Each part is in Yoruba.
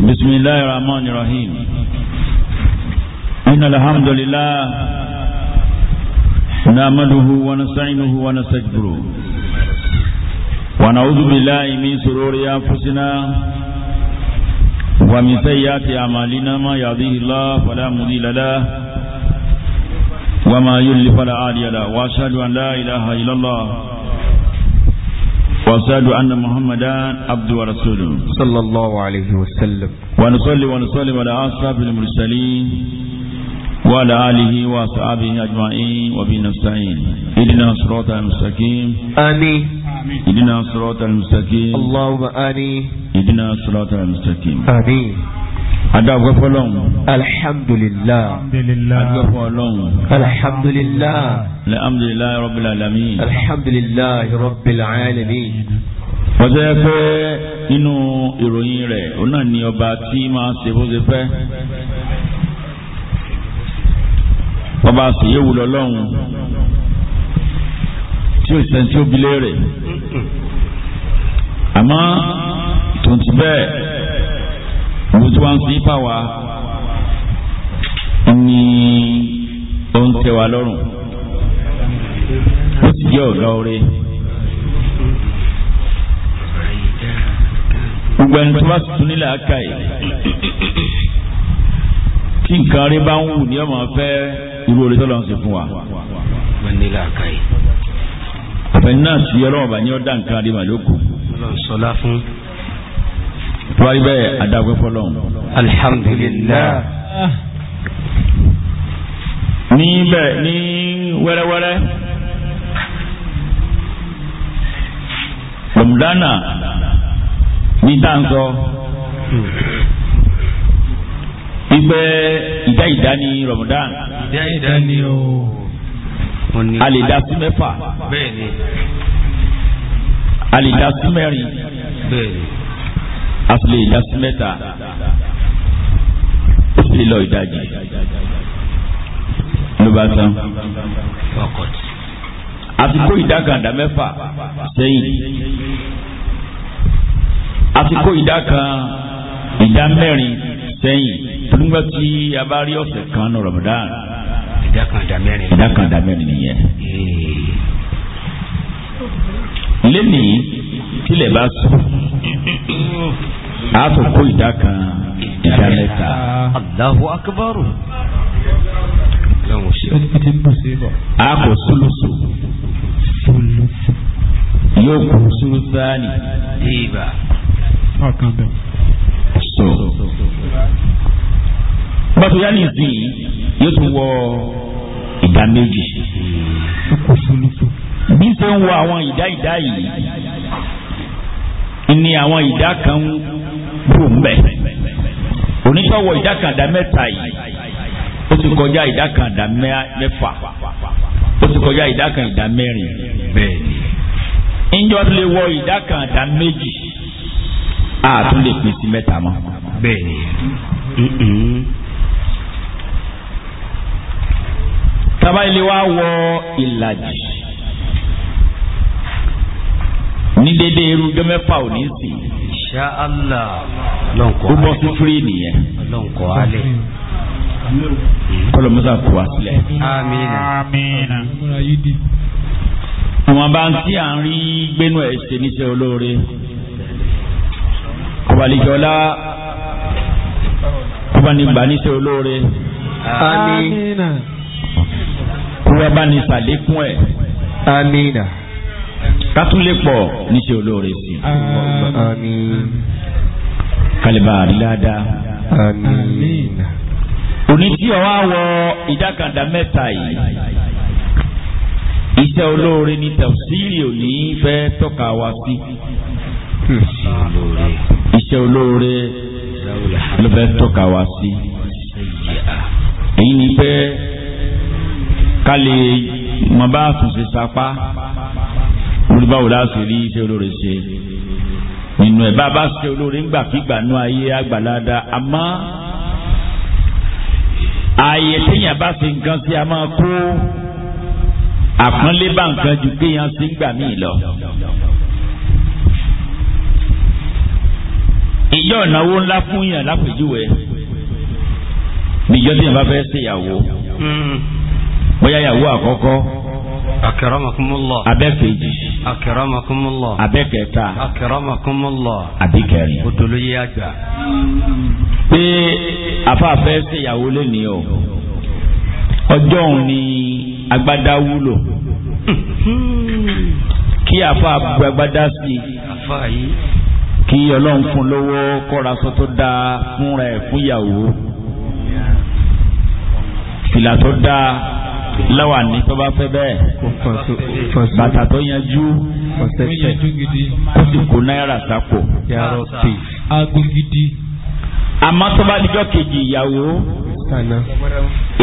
بسم الله الرحمن الرحيم إن الحمد لله نعمده ونستعينه ونستجبره ونعوذ بالله من سرور أنفسنا ومن سيئات أعمالنا ما يهديه الله فلا مضل له وما يضلل فلا هادي له وأشهد أن لا إله إلا الله وأشهد أن محمدا عبد ورسوله صلى الله عليه وسلم ونصلي ونسلم على اصحاب المرسلين وعلى آله وأصحابه أجمعين وبه نستعين اهدنا الصراط المستقيم آمين اهدنا الصراط المستقيم اللهم آمين اهدنا الصراط المستقيم آمين adáwọ̀ fọlọ́hún. alhamdulilah. adáwọ̀ fọlọ́hún. alhamdulilah. alhamdulilah rabbil alamin. alhamdulilah rabbil alamin. ọjọ́ yẹ pé nínú ìròyìn rẹ̀ òun náà ni ọba tí máa ṣe bó ṣe fẹ́. ọba àṣeyẹ̀wò lọ́lọ́hún tí ó sẹ́ni tí ó bi léèrè. àmọ́ tòun ti bẹ́ẹ̀ ìlú tí wọ́n ń sin pàwá ni ó ń tẹ́ wa lọ́rùn ó sì jẹ́ ọ̀lọ́ọ̀rẹ́. gbogbo ẹni tó bá tún nílẹ̀ aka yìí kí nǹkan rí bá ń wù ní ọmọ fẹ́ irú orí tó lọ́n sí fún wa. àfẹn náà sí ọlọ́wọ́ bá ní ọ̀dà nǹkan rí màlúkù. ọlọ́run sọlá fún tuwari bẹ́ẹ̀ adágún fọlọ́n. alhamdulilayi. ní bẹ́ẹ̀ ní wẹ́rẹ́wẹ́rẹ́ rọ̀mùdánà ní dáńsọ ìgbẹ́ ìdá ìdá ní rọ̀mùdán. ìdá ìdá ní o. a lè dá sí ni. a lè ni a sì lè dá sí mẹ́ta ó sì lè lọ ìdajì ló bá tán àti kó ìdákàndá mẹ́fà sẹ́yìn àti kó ìdákan ìdá mẹ́rin sẹ́yìn nígbà tí a bá rí ọ̀sẹ̀ kan ní Ramadan ìdákàndá mẹ́rin nìyẹn. lẹ́nìí tílẹ̀ bá sùn a tó kó ìdá kan ìdá mẹ́ta. Allahu akbar. a kò sulusu yóò kò sulusani. so bàtò yá ni zi yóò tún wọ ìdá méjì. bí ṣe ń wọ àwọn ìdá ìdá yìí ni àwọn ìdá kan ń bù ń bẹ̀ oníṣòwò ìdá kan dá mẹ́ta yìí ó ti kọjá ìdá kan dá mẹ́fà ó ti kọjá ìdá kan ìdá mẹ́rin bẹ́ẹ̀ ni ìjọ lè wọ ìdá kan dá méjì a tún lè pín sí mẹ́ta mọ́. bẹ́ẹ̀ ni. tábà ilé wa wọ ìlàjì. dédé irú ọjọ́ mẹ́fà ò ní sí. ṣáàlà lọ́nkọ́ alẹ́ ó bọ́ sí fúrí nìyẹn. lọ́nkọ́ alẹ́. kọlọ musa kù wá sílẹ̀. amiina. amiina. àwọn bá ń tí à ń rí gbénu ẹ̀ ṣe níṣẹ́ olóore. kọ̀bálíjọ́lá kọ́bánigbà níṣẹ́ olóore. amiina. kúrẹ́bánisàlékún ẹ̀. amiina. amiina kátúlé pọ̀ níṣẹ́ olóore sí i. àmín. kálíbà àríláàdá. àmín. òní tí ọ wá wọ ìdákàndá mẹ́ta yìí iṣẹ́ olóore ní tafsiri òní fẹ́ tọ́ka wá sí. iṣẹ́ olóore ló fẹ́ tọ́ka wá sí. èyí ni pé ká lè mọ bá lórí báwo láti rí iṣẹ́ olóore ṣe nínú ẹ̀ bá bá ṣe olóore ńgbàkigbà nú ayé àgbàládá àmọ́ ààyè téèyàn bá ṣe nǹkan sí a máa kó àpọ́nlé bá nǹkan ju kéèyàn sí gbà míì lọ. ìjọ ìnáwó ńlá fún yàn lápèjúwe níjọ́ téèyàn bá fẹ́ ṣèyàwó hmm. bóyá ìyàwó àkọ́kọ́ akẹrọmọkúnmọlọ. abẹ́kejì. akẹrọmọkúnmọlọ. abẹ́kẹta. akẹrọmọkúnmọlọ. àbíkẹrin. odoloye àgbà. pé afáfẹ́ ṣèyàwó lónìí o ọjọ́ òun ni agbádá wúlò kí afa agbádá sí i kí ọlọ́run fún lówó kọ́ra sọ tó dáa fúnra ẹ̀ fúnyàwó fìlà tó dáa lẹ́wà ní tó bá fẹ́ bẹ́ẹ̀ bàtà tó yanjú ó sì kó náírà sápò. àmọ́ tó bá dijọ́ kejì ìyàwó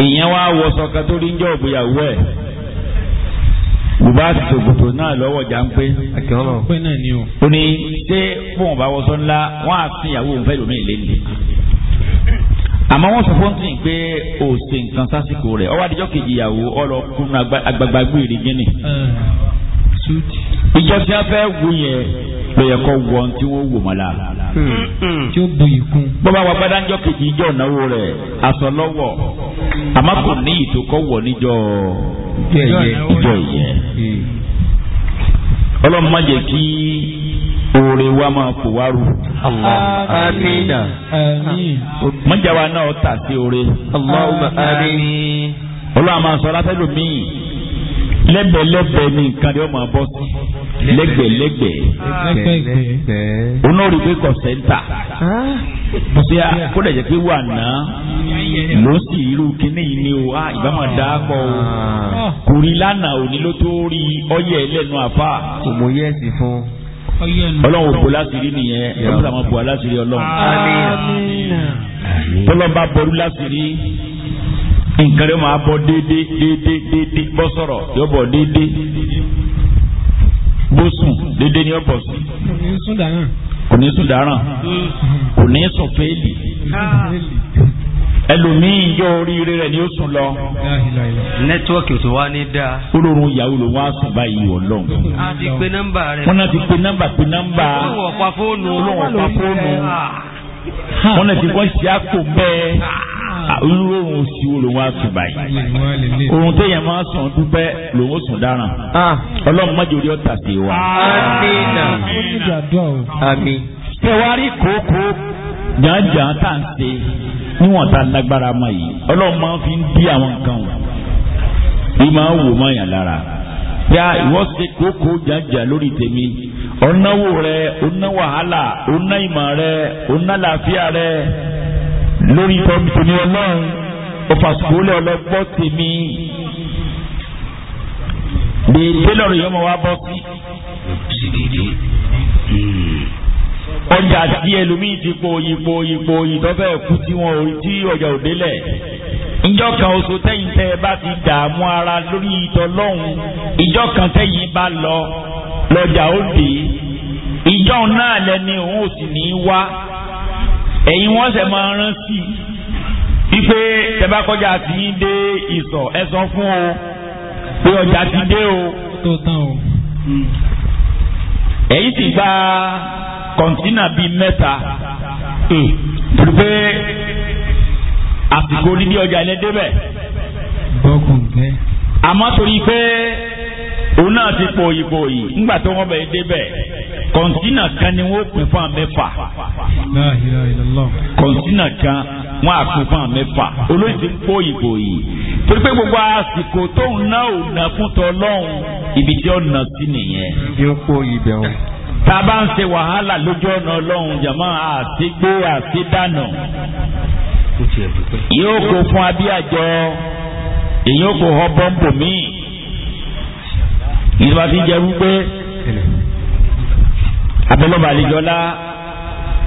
ìyẹn wá wọṣọ kan tó rí ń jọ ògbéyàwó ẹ̀ bùbá ṣòkòtò náà lọ́wọ́ jà ń pé. ó ní ṣé fóun bá wọṣọ ńlá wọn á sin ìyàwó òun fẹ́ lómi ìlé àmọ́ wọ́n sọ fún tí pé o ṣe nǹkan sásìkò rẹ̀ ọwọ́ àdìjọ́ kejì ìyàwó ọlọ kúnnú agbagba gbére gíní. Eh, ìjọ tí fẹ́ wù yẹn ló yẹ kó wọ tí wọ́n wò mọ́ hmm. tí ó bu ìkún. bọ́bá wa bá kejì ìjọ ìnáwó rẹ̀ aṣọ lọ́wọ́ àmọ́ kò ní ìtò kọ́ oore wa máa kò wá rú. amiina. mọ̀jáwa náà tà sí oore. Allahumma àmín. olúwa máa sọ látẹ́lú míì lẹ́gbẹ̀lẹ́gbẹ̀ ni nǹkan ni ó máa bọ́ sí lẹ́gbẹ̀lẹ́gbẹ̀ onórí pé kọ̀ sẹ́ńtà ah. bùsí kó lè jẹ́ pé wà náà ló sì irú kíní yìí ni o ah, ìbá máa dá pọ̀ o ah. kò rí lánàá ló tó rí ọyẹ́ ẹlẹ́nu àfà. kò mọ̀ fún ọlọ́run òbò láṣìírí nìyẹn ọlọ́run àwọn bò láṣìírí ọlọ́run. bọ́lọ́ba bọ̀rú láṣìírí nǹkan rẹ̀ máa bọ̀ déédéé déédéé déédéé bọ́ sọ̀rọ̀ yóò bọ̀ déédéé bó sùn déédéé ni yóò bọ̀ sùn. kò ní sùn dáràn kò ní sùn fẹ́ẹ́lì ẹlòmíín yọ oríire rẹ ni ó sùn lọ. nẹ́tíwọ́ọ̀kì ò ti wá ní dáa. olórun ìyàwó ló wá sùn báyìí ọlọ́run. a ti pe nọ́mbà rẹ. wọ́n náà ti pe nọ́mbà pe nọ́mbà. olóhùn ọ̀pá fóònù. olóhùn ọ̀pá fóònù. wọ́n náà ti wọ́n ṣe àpò bẹ́ẹ̀ ah, olórun òsì wo lòun á sùn báyìí. ohun tó máa sùn dúpẹ́ lòun ó sùn dáràn. ọlọ́run mọ́jọ orí ọ̀tà sí wa. àmín. tẹ̀wárí kòókòó jàǹjàǹ tá à ń ṣe níwọ̀n tá a lágbára ma yìí fi ń di àwọn nǹkan o ní máa wò má yàn lára yá ìwọ ṣe kókó jàǹjàǹ lórí tèmi ọ̀nàwó rẹ ọ̀nà wàhálà ọ̀nà ìmọ̀ rẹ ọ̀nà làáfíà rẹ lórí tọ́mìtì ọlọ́run ọlọ́gbọ́ tèmi ọjà tí ẹlòmíì ti po yípo yípo ìtọ́fẹ́ kú tí wọn ò tí ọjà ò délẹ̀ ìjọ kan oṣù tẹ́yìn tẹ́ ẹ bá ti dààmú ara lórí ìtọ́lọ́hún ìjọ kan tẹ́yìn bá lọ lọ́jà ó dé ìjọ náà lẹni òun ò sì ní í wá ẹ̀yin wọ́n ṣẹ̀ máa rántí wípé tẹ́bá kọjá ti ń dé ìsọ̀ ẹ fún o pé ọjà ti dé o. èyí ti gba kọ̀ǹtínà bíi mẹ́ta hmm. torí pé àsìkò onídìí ọjà ilé débẹ̀. àmọ́ torí pé òun náà ti pòyì pòyì nígbà tó wọ́n bẹ̀ débẹ̀ kọ̀ǹtínà kan ni wọ́n pè fún àmẹ́fà kọ̀ǹtínà kan wọ́n á pè fún àmẹ́fà olóyìn ti pòyì pòyì torí pé gbogbo àsìkò tóun náà ò fún ibi tí ó nà sí nìyẹn. yóò kó ibẹ̀ o. tá a bá ń ṣe wàhálà lójú ọ̀nà ọlọ́run jàmọ́ àti gbé àti dànù. yóò kó fún abíyàjọ èyí ó kó họ bọ́ǹbù míì. ìjọba ti jẹ́ wípé abẹ́lọ́ba àlejòlá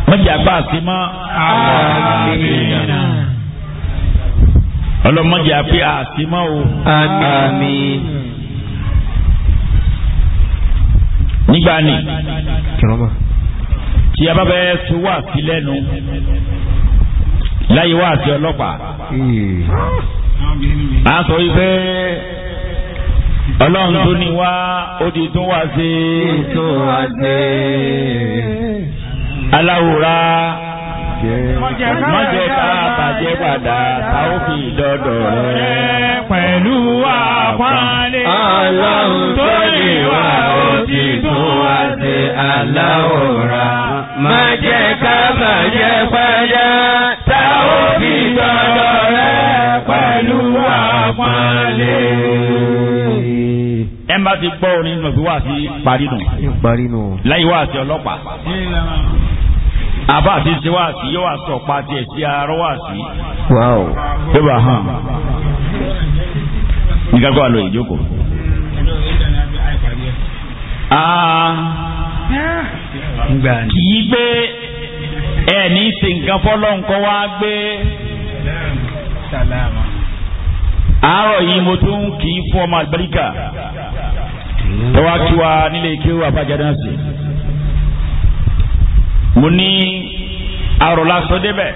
wọ́n jẹ́ apá àti mọ́. ọlọ́mọdé àti mọ́ o. àmín. nígbà ni tí a bá bẹ fi wá sí lẹ́nu láyé wá sí ọlọ́pàá a sọ wípé ọlọ́run tó ní wá ó di tún wá sí aláwòrán jẹ́. Má jẹ́ ká bàjẹ́ padà ta ó fi dọ́dọ̀ rẹ̀. Pẹ̀lú àpọ́nlé. Aláwo tó lè wá ó ti tún wá sí aláwo ra. Má bàjẹ́ padà ta dọ́dọ̀ rẹ̀. Pẹ̀lú àpọ́nlé. Ẹ má ti gbọ́ orin nù fi wá sí parí nù. Láyé wá sí ọlọ́pàá àbá àti tiwaasi yóò wá sọ pa tiẹ̀ sí arọ́ wá sí. wáò yóò bá hàn nígbà kó wà lóye jókòó. kì í gbé ẹ ní ṣe nǹkan fọlọ́nkọ́ wá gbé. àárọ̀ yìí mo tún kì í fún ọmọ àgbẹ̀ríkà. ẹ wá kí wa nílé kí wọ́n abájáde náà sí mo ní àròlá sọ débẹ̀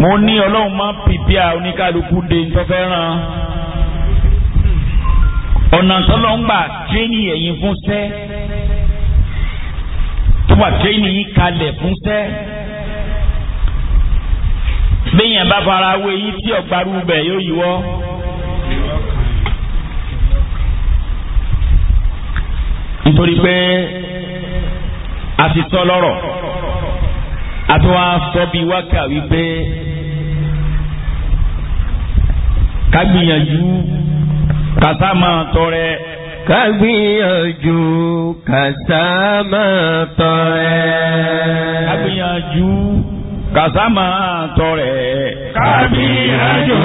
mo ní ọlọ́run máa pìpì à oníkálukú de ntọ́fẹ́ ràn ọ̀nà tọ́lọ́ ń gbà tírénì ẹ̀yìn fún sẹ́ tó wà tírénì yìí kalẹ̀ fún sẹ́ bẹ́yìn bá fara wé yìí tí ọ̀gbarú bẹ̀ yóò yíwọ́. nítorí pé àti sọlọ́rọ̀ àti wọ́n á sọ bí wákà wípé ká gbìyànjú kàtà máa tọrẹ. ká gbìyànjú kàtà máa tọrẹ. ká gbìyànjú kàtà máa tọrẹ. ká gbìyànjú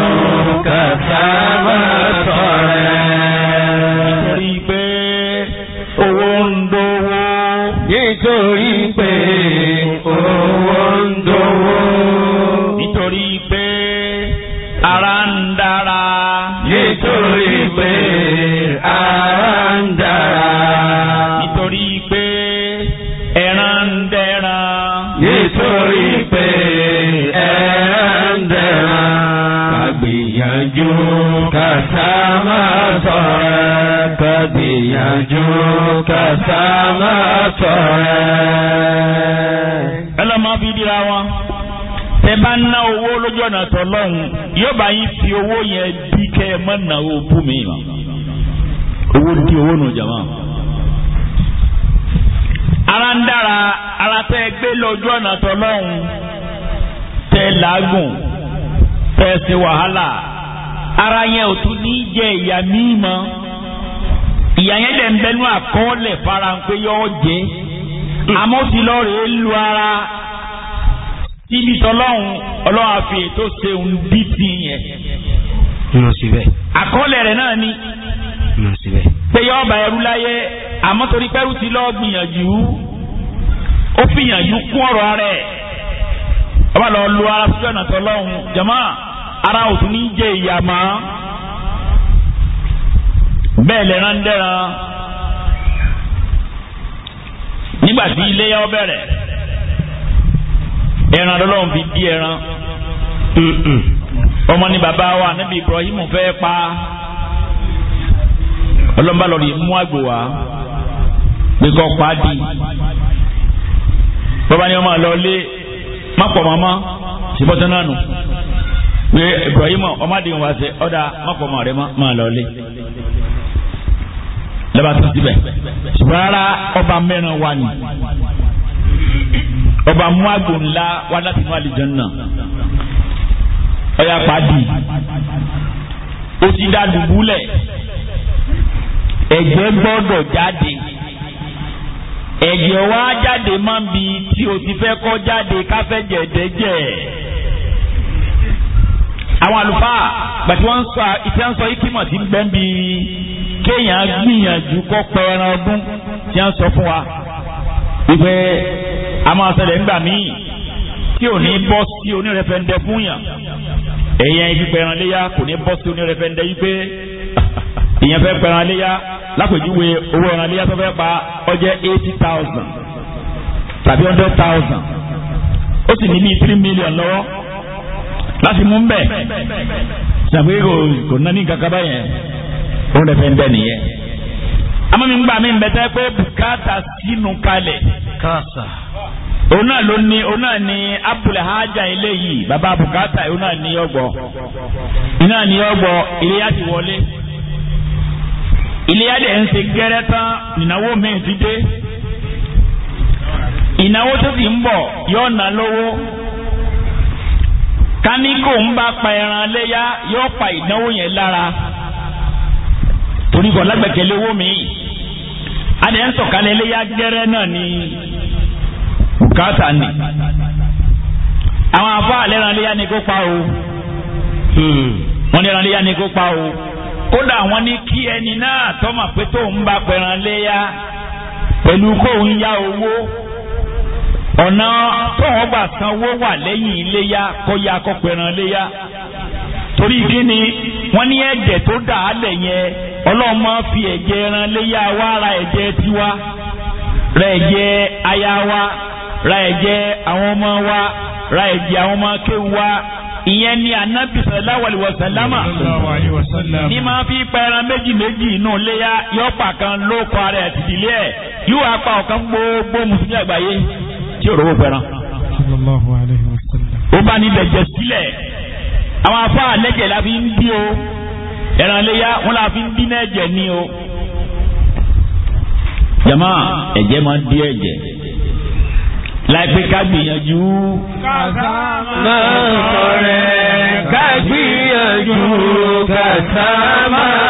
kàtà máa tọrẹ. nítorí pé owó ń dówó. nítorí pé ara ń dára. nítorí pé ara. ìyànjú kàtà máa tọ̀ ẹ́. ẹ lọ máa fi dira wọn tẹ bá ná owó lójú ọ̀nà tọ́lọ́hún yóò bá yín fi owó yẹn bí kẹ́ ẹ mọ́ ná owó bú mi mọ́ owó di owó nù jàmá. ara ń dára ara tẹ gbé lójú ọ̀nà tọ́lọ́hún tẹ làágùn tẹ ṣe wàhálà ara yẹn ò tún ní jẹ ìyá míì mọ́. ìyá yẹn dẹ̀ ń bẹnu àkọọ́lẹ̀ fara ń pé yọ́ jẹ́ àmọ́ ti lọ lu ara síbi tọ́lọ́hún ọlọ́run tó ṣeun bí yẹn. yóò rẹ̀ náà ni. yóò sì bẹ́ẹ̀. pé yọ ọba ẹrú láyé àmọ́ torí ti lọ́ọ́ gbìyànjú ó fìyànjú kún ọ̀rọ̀ ọba lọ lu ara ara òtún bẹ́ẹ̀ lè rán dẹ́ran nígbà iléyà ọ bẹ̀rẹ̀ ẹran lọ́lọ́run fi di ẹran ọmọ ni bàbá wa níbi Ibrahim fẹ́ pa ọlọ́mbà lọ́ọ̀rì mú àgbò wá pé kọ́ pa di bàbá ni ọmọ lọ lé náà nù pé Ibrahim ọmọdé wọn wá ọ̀dà mọ́ lọ́ba tó síbẹ̀ ṣùgbọ́n rárá ọba mẹ́rin wa ni ọba mú àgbò ńlá wá láti inú àlùjànnà ọ̀yà pàdé ó ti dá dùbúlẹ̀ ẹ̀jẹ̀ gbọ́dọ̀ jáde ẹ̀jẹ̀ wá jáde máa ń bi tí o ti fẹ́ kọ́ jáde káfẹ́jẹ̀ dẹ́jẹ̀ àwọn àlùfáà gbàtí wọ́n ń sọ ìtẹ́ ń sọ ikímọ̀ tí ń kéèyàn gbìyànjú kọ́ pẹ́ ẹran ọdún tí a ń sọ fún wa wípé a máa ṣẹlẹ̀ ńgbà míì tí ò ní bọ́ sí onírẹ̀fẹ̀ndẹ̀ fún yàn èèyàn ibi pẹ̀ràn léyà kò ní bọ́ sí onírẹ̀fẹ̀ndẹ̀ yìí èèyàn fẹ́ pẹ̀ràn léyà lápèjúwe owó ẹran léyà tó fẹ́ pa ọjẹ́ eighty thousand tàbí hundred thousand ó sì ní bíi three million lọ́wọ́ láti mú bẹ́ẹ̀ ṣàpé kò náà ní kankan báyẹn. òun rẹ̀ fẹ́ ń bẹ̀ nìyẹn. àmọ́ mi ń gbà mí ń bẹ́tẹ́ pé bùkátà sínú kalẹ̀. káàsà. òun náà ló ní òun náà ní eléyìí òun náà ní ọgbọ. iná ní ọgbọ ilé yá ti wọlé. ilé yá dẹ̀ ń ṣe gẹ́rẹ́ tán ìnáwó mi ti dé. ìnáwó tó sì ń bọ̀ yóò ná lówó ń bá pa ẹran léyá yóò pa yẹn lára. torí kò lágbẹ̀kẹ̀lé owó mi adé ń sọ̀kalẹ̀ iléyà gẹ́rẹ́ náà ní bùkátà ni àwọn afọ àlẹ́ran iléyà ni kó pa o hmm. wọ́n ní ẹran ni kó pa o kódà wọ́n ní kí ẹni náà tọ́mọ̀ pé tóun bá pẹ̀ràn iléyà pẹ̀lú kóun ya owó ọ̀nà tóun gbà sanwó wà lẹ́yìn iléyà ya kọ́ pẹ̀ràn iléyà torí kí ni wọ́n ní ẹ̀jẹ̀ tó dà á lẹ̀ yẹn. ọlọ́run máa fi ẹ̀jẹ̀ ẹran léyà wa ra ẹ̀jẹ̀ tiwa ra ẹ̀jẹ̀ aya wa ra ẹ̀jẹ̀ àwọn ọmọ wa ra ẹ̀jẹ̀ àwọn ọmọ akéwu wa ìyẹn ni anabi sallallahu alayhi wa sallama ní máa fi pa ẹran méjì méjì inú léyà yọ pa kan ló kọ ara ẹ̀ tìdílé ẹ̀ yóò wá pa ọ̀kan gbogbo mùsùlùmí àgbáyé tí òróró pẹran. ó bá ní bẹ̀jẹ̀ sílẹ̀ àwọn afọ àlẹ́jẹ̀ la fi ń bí o ẹran léyà wọn là fi ń dín náà ní o jama ẹ̀jẹ̀ máa ń dín ẹ̀jẹ̀ láìpẹ́ ká gbìyànjú. kàtà máa ká gbìyànjú kàtà máa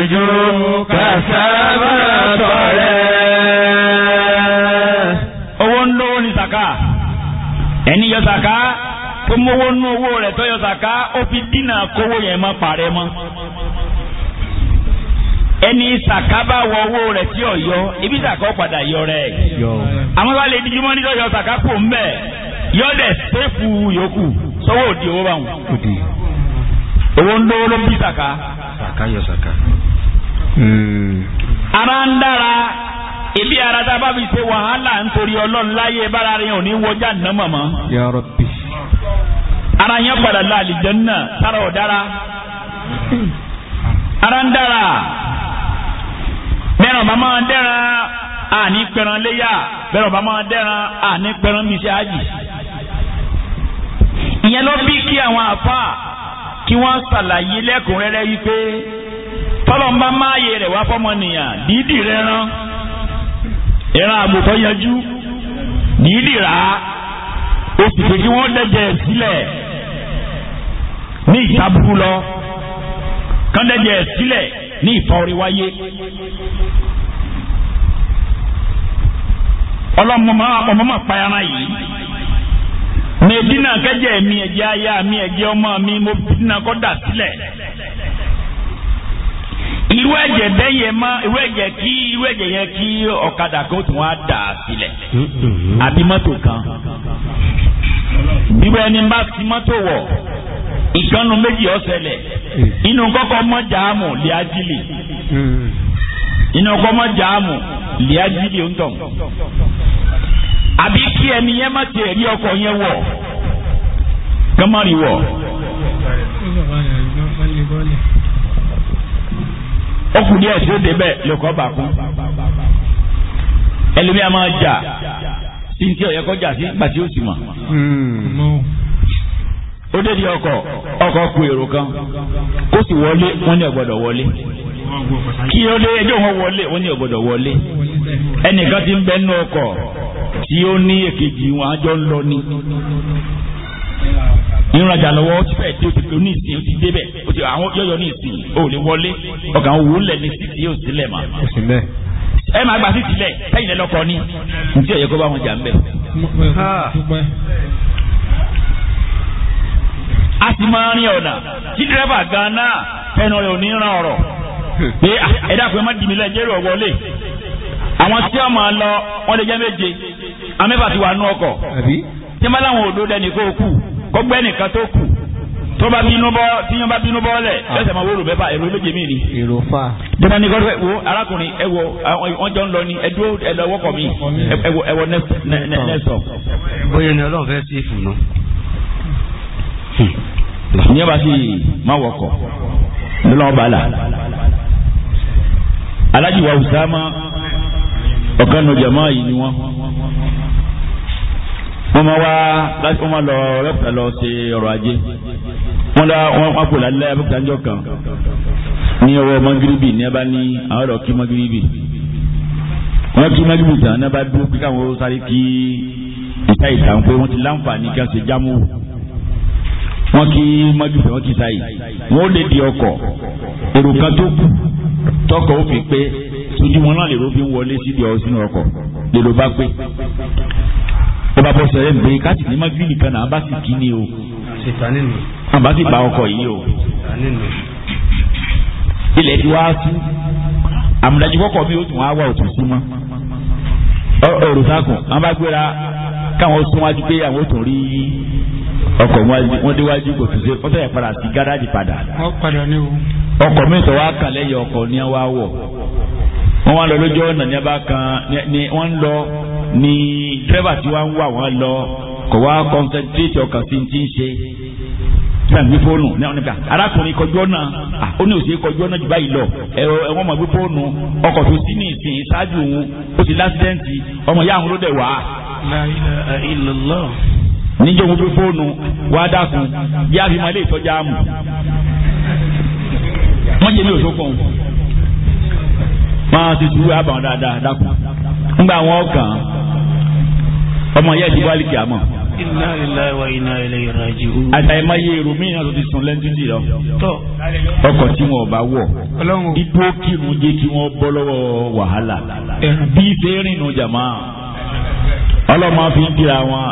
àjò kasaba tole. owó ń lówó ní sàká ẹni yọ sàká tó mówó nú owó rẹ̀ tó yọ sàká ó fi dínà kówó yẹn mọ́ parẹ́ mọ́ ẹni sàkábà wọ owó rẹ̀ tí ò yọ ibi sàkọ́ padà yọ rẹ̀. àwọn bá lè díjú mọ́ nítorí yọ sàkápò ń bẹ̀ yọ̀dẹ̀ sẹ́fù yòókù sọ́wọ́ òdi owó bá wọn. owó ń lówó ló bí sàká. sàká yọ sàká. ara hmm. ń dára ibi ara tá a bá fi ṣe wàhálà nítorí ọlọ́run láyé bára ní ná mọ̀mọ́. ara yẹn padà lọ àlìjánnà sára ọ dára ara ń dára bẹ́ẹ̀rọ̀ bá máa dẹ́ran àní pẹran léyà bẹ́ẹ̀rọ̀ bá àní àjì. ìyẹn ló bí kí àwọn àfa kí wọ́n tọ́lọ́mbà máàyè rẹ̀ wá fọ́mọnìyàn dídì rẹ̀ rán ìran àgùntàn yanjú dídì rà á ó sì pé kí wọ́n dẹ́jẹ̀ sílẹ̀ ní ìtaburú lọ kán dẹ́jẹ̀ sílẹ̀ ní ìfọ̀rí wáyé. ọlọ́mọmọ ọmọmọ payara yìí mẹ́ẹ̀dínà kẹ́jẹ́ mi ẹ̀jẹ̀ aya mi ẹ̀jẹ̀ ọmọ irú ẹ̀jẹ̀ bẹ́yẹ mọ́ irú ẹ̀jẹ̀ kí irú ẹ̀jẹ̀ yẹn kí ọ̀kadà kan tún wá dà sílẹ̀ àbí mọ́tò kan irú ẹni bá ti mọ́tò wọ̀ ìkànnù méjì ọ̀sẹ̀lẹ̀ inú kọ́kọ́ mọ́ jàámù lẹ́ájílì inú kọ́kọ́ mọ́ jàámù ń tàn àbí kí ẹni yẹn má tiẹ̀ rí ọkọ̀ yẹn wọ̀ kọ́mọ́rì wọ̀. o kù díẹ̀ tí ó débẹ̀ lẹ́kọ̀ọ́ bà kún ẹlòmíà máa jà tí n tí ọ̀yẹ́ kọjá sí ìgbà tí ó sì mọ̀ ó dé di ọkọ̀ ọkọ̀ ku èrò kan kó sì wọlé wọ́n ní ọ̀gbọ́dọ̀ wọlé kí ó dé ẹjọ́ wọn wọlé wọ́n ní ọ̀gbọ́dọ̀ wọlé ẹnìkan ti ń bẹ ọkọ̀ tí ó ní ìrajà lọ́wọ́ ó ti fẹ́ dé o ti pè ó ní ìsìn o ti débẹ̀ o ti àwọn yọ̀yọ̀ ní ìsìn o ò lè wọlé ọkàn òwò lẹ̀ ní títí yóò sílẹ̀ mà. ẹ máa gba títí lẹ̀ sẹ́yìn lẹ́lọ́kọ ni ntí ọ̀yẹ́ kó bá wọn jà ń bẹ̀. Ah. a ti máa rin ọ̀nà tí dírẹ́fà gan-an fẹ́nu rẹ̀ ò ní ran ọ̀rọ̀ pé ah, ẹ dákun ẹ má dì mí lẹ́jẹ́ rẹ̀ wọlé àwọn tí wọ́n máa lọ wọ́n lè jẹ́ méje amẹ́fà ti wà nú ọkọ̀ tí wọ́n bá láwọn òdo dẹni kó kù kó gbẹ́ nìkan tó kù tó bá bínú bọ́ tíyan bá bínú bọ́ lẹ̀ ah. lẹ́sẹ̀ máa wóró bẹ́fà èrò méje mí ni. èrò fa. dọ́gba ní kọ́sẹ́ wo arákùnrin ẹ wo wọ́n jọ ń lọ ni ẹ dúró ẹ lọ mi ẹ wo ẹ wọ nẹ́sọ̀. bóyá ni ọlọ́run fẹ́ sí ìfúnná. ìyẹn hmm. bá sì má wọkọ̀ lọ́wọ́ bá la. alájí wa usama ọ̀kan yìí ni wọ́n wọ́n máa wá láti wọ́n máa lọ ọlọ́pàá lọ ṣe ọrọ̀ ajé wọ́n lọ wọ́n máa pò lálẹ́ abẹ́kúta ńjọ kan ní ọwọ́ mọ́gíríbì ní abá ní àwọn ọ̀rọ̀ kí mọ́gíríbì wọ́n kí mọ́gíríbì tán ní abá dúró kíkà wọ́n sáré kí ìta ìta ń pé wọ́n ti láǹfààní kí wọ́n ṣe jámù wọ́n kí mọ́gíríbì wọ́n kí sáyì wọ́n lè di ọkọ̀ èrò kan tó kù tọkọ̀ ó fi pé sojú wọn náà lè ro fi ń wọlé síbi ọ̀ ó bá bọ́ sẹ́rẹ́ gbé káàtì ní májú nìkan náà bá sì kí ni o àbá sì bá ọkọ̀ yìí o ilẹ̀ ti wá sí àmúdájú kọ́kọ́ mi ó tún wá wà ó tún súnmọ́ ọ̀rọ̀ sákùn àwọn bá gbéra káwọn sún wájú pé àwọn ò tún rí ọkọ̀ wọn déwájú kò tún ṣe wọ́n fẹ́ẹ̀ padà sí gáràjì padà. ọkọ̀ mi sọ wá kàn lẹ́yìn ọkọ̀ ní wá wọ̀ wọ́n wá lọ lójú ọ̀nà ní abá kan ní wọ́n lọ ni dírẹ́bà tí wọ́n ń wà lọ kò wá kọ́ńtẹ́ntrétì ọkàn sí ti ń ṣe náà gbé fóònù náà nípa arákùnrin kọjú ọ̀nà ó ní kọjú ọ̀nà jù báyìí lọ ẹ̀wọ̀n máa gbé fóònù ọkọ̀ tó sí ní ìsìn ìṣáájú òun ó ọmọ ìyá àwọn ló wá. níjọ́ gbé a fi máa wọ́n jẹ́ mi ò ọmọ yẹn ti wálé kìámọ. inna lillahi wa inna ilayhi raji'un. àtàyèmọ yé èrò mí àti ti sùn lẹ́ńtìtì lọ. ọkọ̀ tí wọn bá wọ̀ igbó kírun jẹ́ kí wọ́n bọ́ lọ́wọ́ wàhálà bí sẹ́rìn nù jàmá ọlọ́mọ fi ń dira wọn.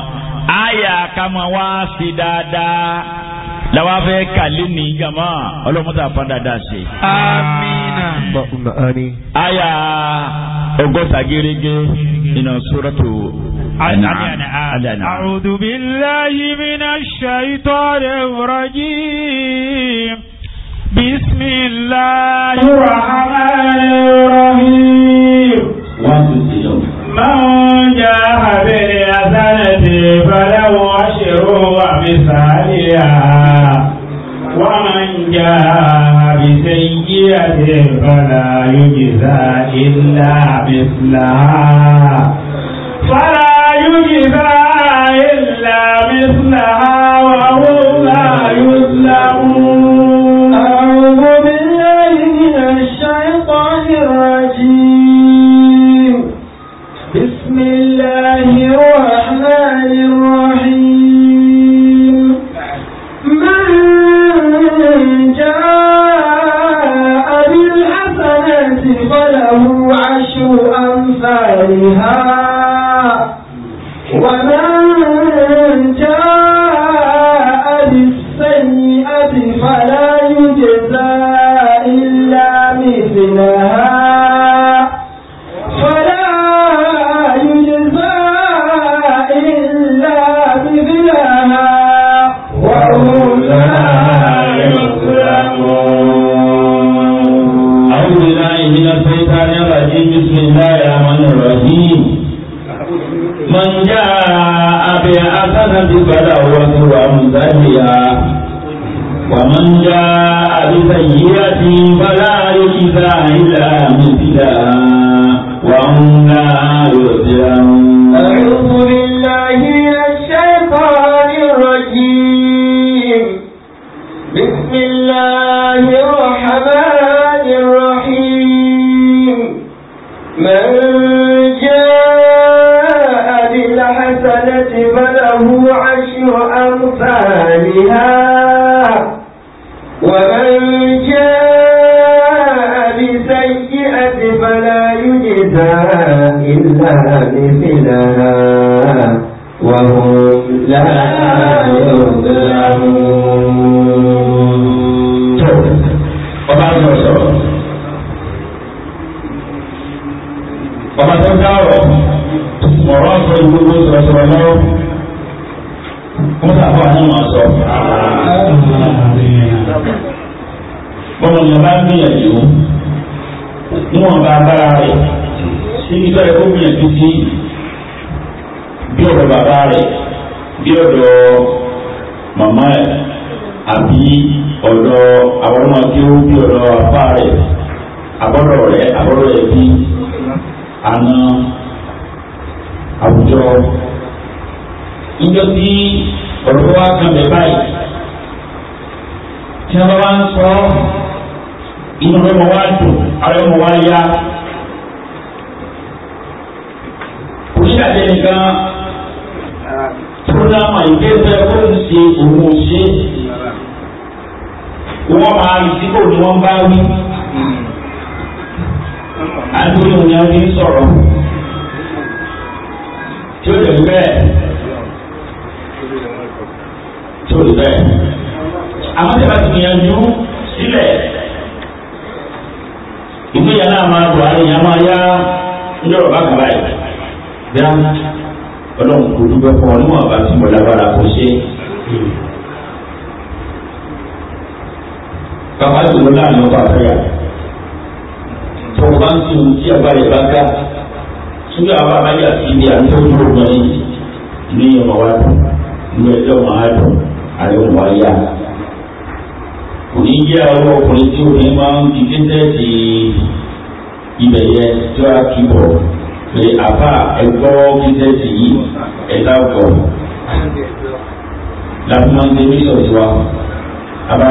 àyà kama wá sí dáadáa làwọn afẹ́ kàlẹ́ ní jàmá ọlọ́mọta fún dáadáa ṣe. amina. àyà ọgọ́ta gẹ́gẹ́ iná sóràtò. آه، نعم. يعني، يعني، آه. نعم. أعوذ بالله من الشيطان الرجيم بسم الله الرحمن الرحيم من جاء بالحسنة فله عشر أمثالها ومن جاء بسيئة فلا يجزى إلا مثلها فلا يجزى إلا مثلها وهم لا يظلمون أعوذ بالله من الشيطان الرجيم بسم الله الرحمن الرحيم من جاء بالحسنة فله عشر أمثالها فلا يجزى إلا مثلها فلا يجزى إلا مثلها وهم لا يظلمون أعوذ بالله من الشيطان الرجيم بسم الله الرحمن الرحيم من جاء بأسنة فله وسوى مزكيا ومن جاء بسيئة فلا يجزى إلا مثلها وهم لا يرجعون أعوذ بالله من الشيطان الرجيم بسم الله الرحمن الرحيم من جاء بالحسنة فله عشر أمثالها ومن جاء بسيئة فلا يجزى إلا مثلها وهم لا يظلمون وبعد ما شاء وما تنكروا وراء صلى الله عليه وسلم kọ́ńtà àbọ̀ àná máa sọ. bọ́lá ni ọba gbìyànjú níwọ̀n bá agbára rẹ̀ síbi tó yẹ kó gbìyànjú sí bí ọ̀dọ̀ bàbá rẹ̀ bí ọ̀dọ̀ màmá ẹ̀ àbí ọ̀dọ̀ àwọn ọmọ tí ó bí ọ̀dọ̀ àbá rẹ̀ àbọ̀dọ̀ rẹ̀ àbọ̀dọ̀ rẹ̀ bí àna àwùjọ níjọ́ tí ọ̀rọ̀ tó wá kan bẹ̀ báyìí tí wọ́n bá ń sọ inú rẹ̀ mọ̀ wá dùn ara rẹ̀ mọ̀ wá yá onídàájẹ́ nìkan programme ìgbésẹ̀ ó ń ṣe òun ò ṣe wọ́n máa rí sí kò ní wọ́n bá wí àdúgbò ni wọ́n ti ń sọ̀rọ̀ tí ó lè bẹ́ẹ̀ tí ó lè bẹ́ẹ̀. àmọ́ tí a bá ti gbìyànjú sílẹ̀ ìgbéyàwó náà máa dùn àárín yàrá máa yá ní ọ̀rọ̀ bá kàbá yìí. bí a ọlọ́run kò dúpẹ́ fún ọ níwọ̀n bá ti mọ̀ lágbára kò ṣe. bàbá jùlọ láàrin ọba àfẹ́yà tó o bá ń sin ohun tí agbára ìbá ká síbi àwọn abáyà sí ibi àti ojú ọgbọ́n yìí ní ọmọ wa dùn ní ẹjọ́ ọmọ dùn àyẹ̀wò wa yá kò ní yé àwọn ọkùnrin tí obìnrin máa ń fi kéńtẹ́ẹ̀tì ibẹ̀ yẹ tí wọ́n á kí bọ̀ pé àbá ẹgbọ́ kéńtẹ́ẹ̀tì yìí ẹ̀dá bọ̀ làbúmọ̀ndé mílíọ̀ tiwa abá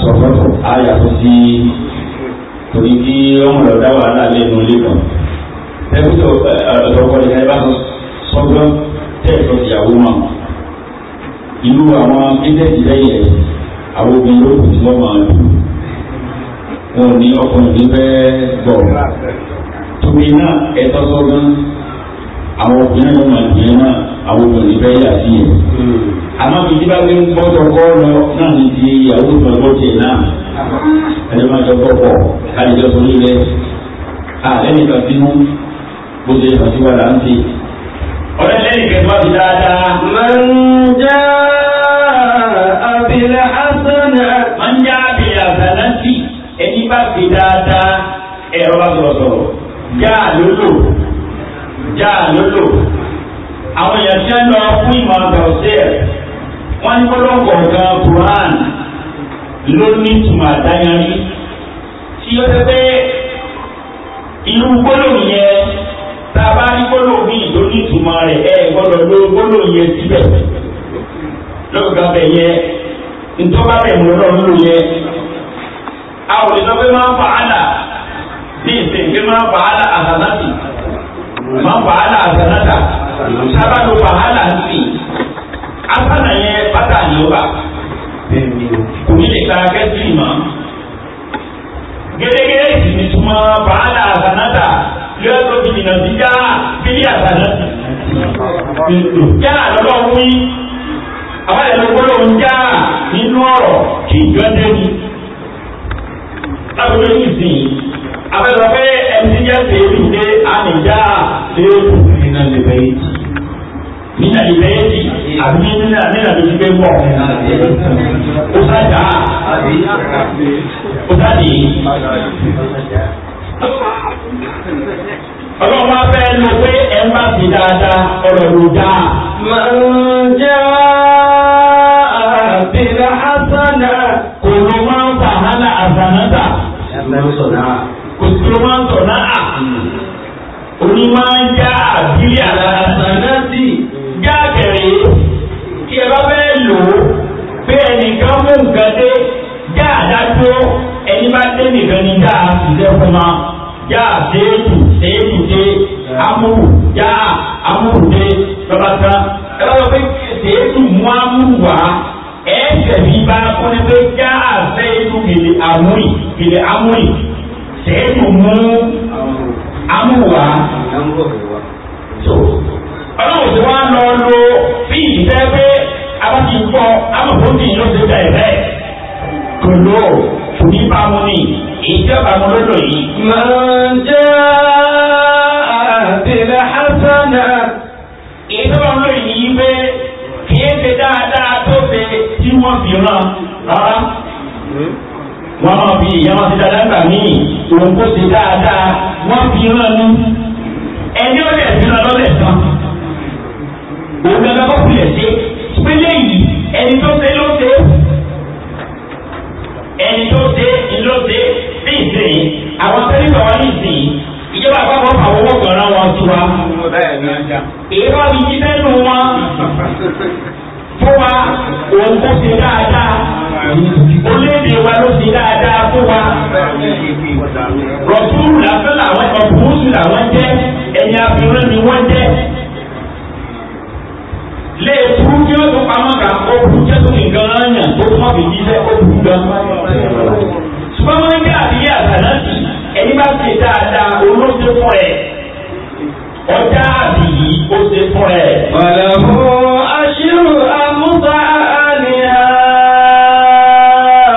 sọ̀tọ̀tọ̀ ayàtọ̀ sí torí kí ọmọ rẹ̀ dá wàhálà lẹ́nu lẹ́kọ̀ọ́ ẹgbẹ́ tó ọ̀dọ́kọ̀ lẹ́ka ẹ bá sọ sọ́gbọ́n tẹ́ẹ̀tọ̀ ìyàwó náà irú àwọn méjèèjì lẹ́yìn rẹ̀ àwọn obìnrin ló kù tí wọ́n máa lò wọn ò ní ọkùnrin ní bẹ́ẹ̀ gbọ̀ tóbi náà ẹ̀tọ́ sọ́gbọ́n àwọn obìnrin náà máa gbìyànjú náà àwọn obìnrin bẹ́ẹ̀ yà sí yẹn àmọ́ bí tí bá fi ń gbọ́dọ̀ kọ́ lọ náà ní ti ìyàwó ìgbàgbọ́ tiẹ̀ náà ẹni máa jọ gbọ́ pọ̀ káyọ̀ sórí rẹ̀ àlẹ́ nìkan bínú bó ṣe ìfàsíwájú à ń ṣe ọ̀rẹ́ lẹ́yìn kẹfà bí dáadáa. man jaa bil hasana. man jaa bil hasanati ẹni bá fi dáadáa ẹ̀rọ bá sọ̀rọ̀ sọ̀rọ̀ jáà lólò jáà lólò àwọn èèyàn Quran ló ní ìtumọ̀ àdáyanrí tí ó fẹ́ pé irú bá rí gbólóhùn yìí ló ní ìtumọ̀ rẹ̀ ẹ gbọ́dọ̀ ló gbólóhùn yẹn síbẹ̀ lọ́gbà bẹ̀ yẹ ntọ́ba bẹ̀ mú lọ́rùn ló yẹ. a ò lè sọ pé máa ń fa àlà ní ìsìnkú máa ń fa àlà àzànàtì máa ń fa àlà àzànàtà sábà ló fa àlà ń sìn asana yẹn pátá ni ó bá kò ní lè ta gẹ́sì mọ́ gẹ́gẹ́ sì ni túmọ̀ fa àlà àzànàtà yóò tó fi jìnnà sí já bílí àtàná já lọ́dọ̀ wí àwọn ẹ̀rọ gbọ́dọ̀ ń já nínú ọ̀rọ̀ kí ìjọ dẹ́ni láti lóyún ìsìn àbẹ̀sọ̀ pé ẹni jẹ́ sèébì ṣe àmìjá léèkù nínú ìbẹ̀ yìí nínú ìbẹ̀ yìí àbí nínú nínú ìbí pé bọ̀ ó sájà ó sájì ọlọ́run wá fẹ́ lọ pé ẹ má fi dáadáa ọ̀rọ̀ ló dáa. màá ń jẹ́ àbílẹ̀ àṣánà kò ló máa ń fàhánà àṣánátà. kò tó máa ń sọ̀nà à. oní máa ń já àbílẹ̀ àṣánátì jákèrè tí ẹ bá fẹ́ lò ó pé ẹnìkan mú nǹkan dé jáàdá tó ẹni bá dé nìkan ni yá àtúnṣe fún wa yá àtẹ́ẹ̀tù tẹ́ẹ̀tù dé amúrù yá amúrù dé lọ́ba tán ẹ bá lọ pé tẹ́ẹ̀tù mú amúrù wá ẹ̀ẹ́sẹ̀ bí bá kọ́ ni pé yá àtẹ́ẹ̀tù kìlì amúrì kìlì amúrì tẹ́ẹ̀tù mú amúrù wá. ọlọ́run ti wá lọ lo bí ìfẹ́ pé abájú gbọ́ amọ̀fóńdì ló ti bẹ̀rẹ̀ bẹ́ẹ̀ kò lò ó kò ní bá mu ní ìjọba mu lọ́dọ̀ yìí. man jaa bil hasana. ìjọba mu lọ́dọ̀ yìí pé kì í ṣe dáadáa tó ṣe tí wọ́n fi ràn rárá wọ́n máa fi ìyá wọn ti dáadáa gbà mí òun kò ṣe dáadáa wọ́n fi ràn ní ẹni ó fi ràn lọ́lẹ̀ tán òun gbàgbọ́ kò ṣe pé lẹ́yìn ẹni tó ṣe ló ṣe é ẹni tó dé ńlọ dé ní ìsìn àwọn sẹ́nitọ̀ wọn ní ìsìn ìjọba àpapọ̀ àwọn owó gbọ̀nrán wọn sí wa. èyí wá mi jí sẹ́nu wọn fún wa òun kò ṣe dáadáa olédè wa ló ṣe dáadáa fún wa. rọ̀túrù làwọn ọ̀pọ̀ oṣù làwọn jẹ́ ẹ̀yà abirùn ni wọ́n jẹ́ lè burú kí ó tún pamọ́ kan ó burú kí ó tún nǹkan rányàn tó tún wọ́n fi jíṣẹ́ ó burú gan. ṣùgbọ́n máa ń gbé àbíyá àtàlásì ẹni bá ṣe dáadáa olóṣè fún ẹ ọjà àbí yìí ó ṣe fún ẹ. ọ̀làwọ̀ aṣírò àmúta àníyá.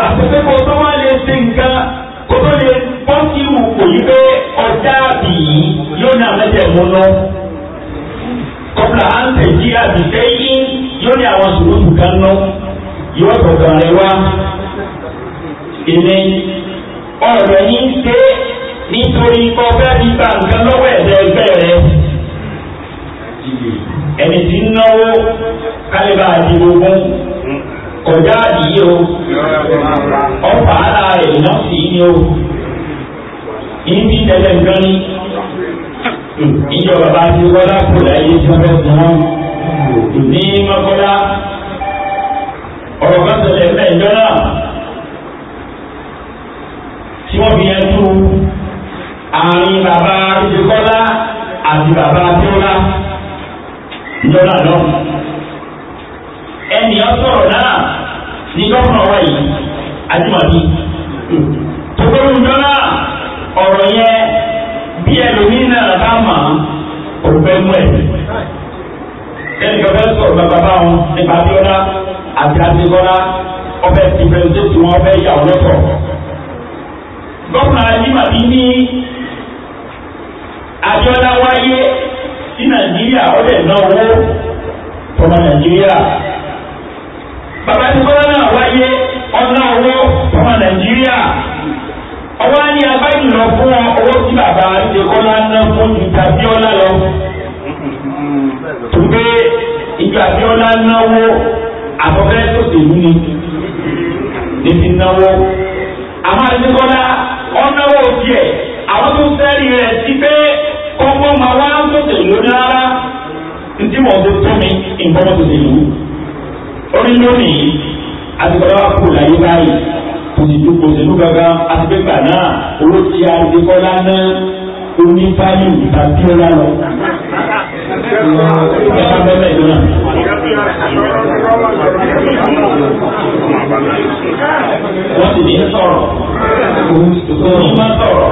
àtúntò kò tó wá lè ṣe nǹkan kó tó lè bọ́ sí ìwòkò yìí pé ọjà àbí yìí yóò ní àmẹ́jẹ̀ múnú. kọ́pìlà á ń tẹ̀ tí a bì sẹ́yìn yóò ní àwọn sùúrù kan nù yóò sọ̀kan rẹ wá èmi ọ̀rọ̀ yín ṣe nítorí ọbẹ̀ mi bá nǹkan lọ́wọ́ ẹ̀dẹ̀ ẹgbẹ́ rẹ ẹni tí ń náwó kálíbà àti ogun kọjá àdìyí o ọ̀pá ara rẹ̀ náà sì ní o ìdí tẹ̀lé nǹkan ní ìjọba bá ti wọlé àpò láyé tí wọ́n fẹ́ fún wọn ní mọ́kọ́lá ọ̀rọ̀ kan tẹ̀lé ẹ̀fẹ́ ìjọ náà tí wọ́n fi yẹn tú àárín bàbá ìdíkọ́lá àti bàbá tíọ́lá ìjọba náà ẹnì ọ̀sọ̀rọ̀ náà ní gọ́fúnà wa yìí adúmọ̀bí tó gbóyún jọ náà ọ̀rọ̀ yẹn bí ẹlòmíràn bá mọ̀ ọ́ òun fẹ́ mú ẹ̀ ẹnì kan fẹ́ sọ̀rọ̀ bàbá bá wọn nípa Abíọ́lá àti Adébọ́lá ọbẹ̀ ti pẹ̀lú tí wọ́n fẹ́ yà wọ́n lọ́tọ̀. Gọ́fúnà Ajímàbí ní Abíọ́lá wáyé sí Nàìjíríà ó lè ná owó tọmọ Nàìjíríà. Bàbá Adébọ́lá náà wáyé ọ̀nà owó tọmọ Nàìjíríà ọwọ́ á ní abáyé lọ fún owó tí bàbá Adébọ́lá ná fún ju tàbí ọlá lọ. tó pé ìgbà tí ọlá náwó àbọ̀fẹ́ sòṣèlú ni ní ti náwó àmọ́ àdébíkọ́lá ọ̀náwó tiẹ̀ àwọn tó sẹ́rí rẹ̀ sí pé kọ́kọ́ máa wá ń sòṣèlú ní rárá ntí wọ́n tó tó mi nǹkan tó sòṣèlú orí lónìí kúrò láyé báyìí kò sì omi báyìí nípa bí ó lálọ. Ìjọba bẹ́ẹ̀ ló náà. Wọ́n sì ní sọ̀rọ̀. Òní máa ń sọ̀rọ̀.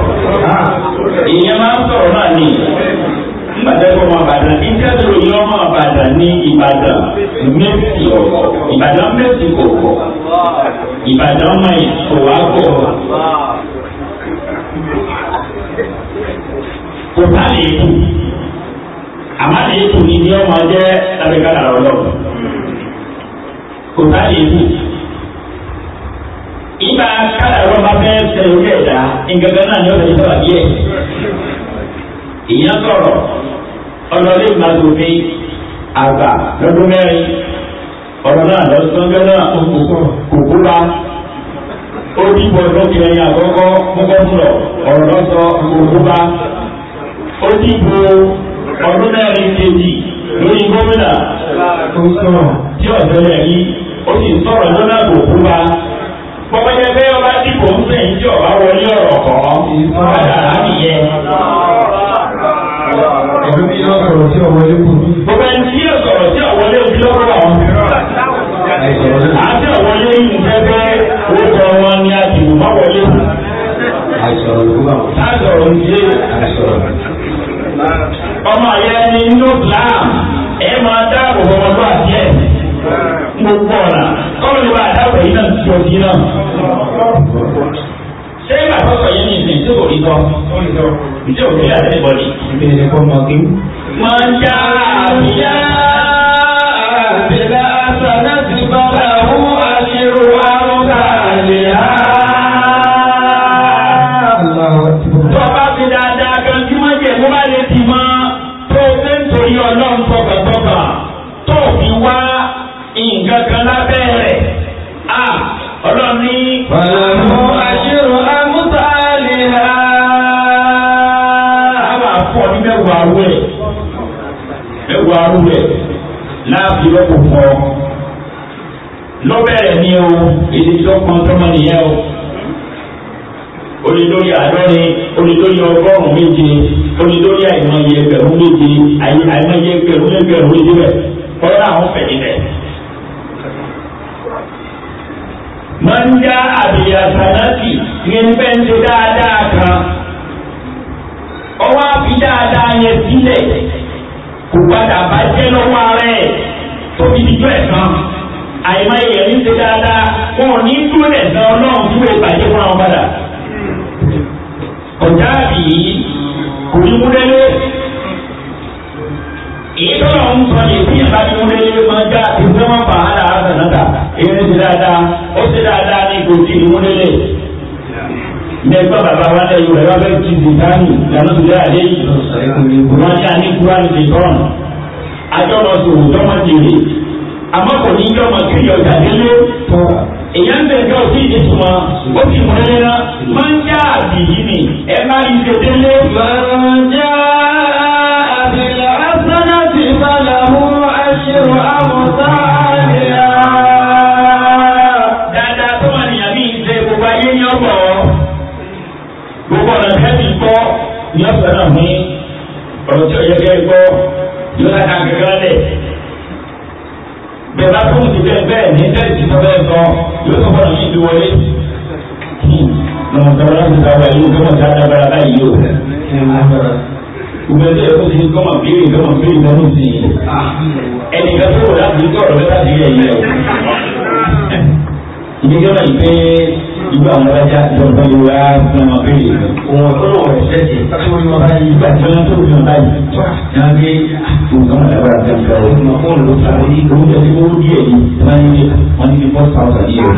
Ìyẹn máa ń sọ̀rọ̀ náà ni. Ìbàdàn ọmọ Àbàdàn iṣẹ́ tó yọ ọmọ Àbàdàn ní Ìbàdàn méjì ọ̀pọ̀ Ìbàdàn méjì kọ̀ọ̀kọ̀ Ìbàdàn máa ń sọ̀rọ̀ àgọ̀ kò tá lè kù àmọ́ lè kù ni ni ọmọ jẹ́ abẹ́kálà ọlọ́run kò tá lè kù. ìgbà kálà ọlọ́run bá fẹ́ sẹ́yìn orí ẹ̀dá nǹkan kan náà ni ọ̀sẹ̀ ìjọba díẹ̀ ìyẹn sọ̀rọ̀ ọlọ́lé ìgbàgbọ́fin àgbà lọ́dún mẹ́rin ọ̀rọ̀ náà lọ́sọ̀gbẹ́ náà kòkúra ó dìbò ọdún kìlẹ̀yìn àkọ́kọ́ mọ́kọ́ fún lọ ọ̀rọ̀ lọ́sọ̀ kòkúra ó dìbò ọdún mẹ́rin kejì lórí gómìnà tí ọ̀sẹ̀ rẹ̀ yí ó sì sọ̀rọ̀ lọ́nà àbòkú wa pọ́pẹ́jẹ́ pé ọba dìbò ń fẹ́ ìdí ọba wọlé ọ̀rọ̀ kan padà láàyè. ẹ̀rọ mi yóò sọ̀rọ̀ sí ọ̀wọ́lé kù. gbogbo ẹni tí yóò sọ̀rọ̀ sí ọ̀wọ́lé òbí lọ́wọ́ àwọn. àti ọ̀wọ́lé yìí ń fẹ́ bẹ́ẹ̀ orúkọ wọn ni a dìbò má wọlé kù. Àṣọ̀rọ̀ ìdílé. Ọmọ yẹn ni inú Islam ẹ máa dáàbò bọ́ ọdún àti ẹ̀. Gbogbo ọ̀la kọ́mọ ní bá àdáàbò yìí náà ti ọdún náà. Ṣé ìgbà tó sọ yẹn ní ìsìn tí rí tọ́? Ìjọba ìjọba ìjọba ìbọ̀lì. Ìbéèrè kọ́ mọ́ kí. Wọ́n ń já àbíyá. arú ẹ̀ ẹ wo arú rẹ̀ láàbí ni o èdè tó pọn nìyẹn o olùdórí àádọ́rin olùdórí ọgọ́rùn méje olùdórí àìmọye ẹgbẹ̀rún méje àìmọye ẹgbẹ̀rún ẹgbẹ̀rún méje rẹ̀ kọ́lá àwọn fẹ̀yìn rẹ̀. máa ń já àbíyàsánátì ní ẹni dáadáa kan ọwọ́ àfi dáadáa yẹn sílẹ̀ kò padà bá jẹ́ lọ́wọ́ ara ẹ̀ tóbi dídú ẹ̀sán àyèmá ìyẹn ní ṣe dáadáa wọn ò ní dúró ẹ̀sán ọlọ́run fún ìbàjẹ́ fún àwọn padà. ọ̀já àbí kò ní múlẹ́lẹ́ èyí tó lọ ń sọ yìí tí ìyàbá ti múlẹ́lẹ́ máa já àti fún wọn fà èyí ní ṣe dáadáa ó ṣe dáadáa ní kò sí ní ẹgbẹ́ bàbá wa lẹ́yìn rẹ̀ wá fẹ́ ti dìgbàánì lànà tó lé àlẹ́ yìí wọ́n ti àní kúránì lè tọ́n àjọ lọ sí òwúrọ̀ máa jèrè àmọ́ kò ní yọmọ kiri ọjà délé èyàn ń bẹ̀rẹ̀ ọtí ìdìtúmọ̀ ó sì mú lẹ́lẹ́rán máa ń já àbí ni ẹ máa ń ṣe délé. máa ń já béèrè náà béèrè náà ló sì yìí ẹnìkan tó wò láti ní ọ̀rọ̀ mẹ́ta sí ilẹ̀ yìí o. ìdíjọ́ náà yìí pé ìgbà àwọn ọlọ́jà ìjọba yóò wá fún ọmọ béèrè òun ọ̀tọ́ náà wọ̀ ẹ̀ṣẹ́ sí káfíńsì wọn báyìí ìgbà tí wọ́n tó fi hàn báyìí. náà gbé òǹkà wọn lágbára fẹ́ fẹ́ o. ìmọ̀ fóònù ló ta oúnjẹ tí ó díẹ̀ yìí wọ́n ní ní fọ́ọ̀tà ọ̀sà yìí o.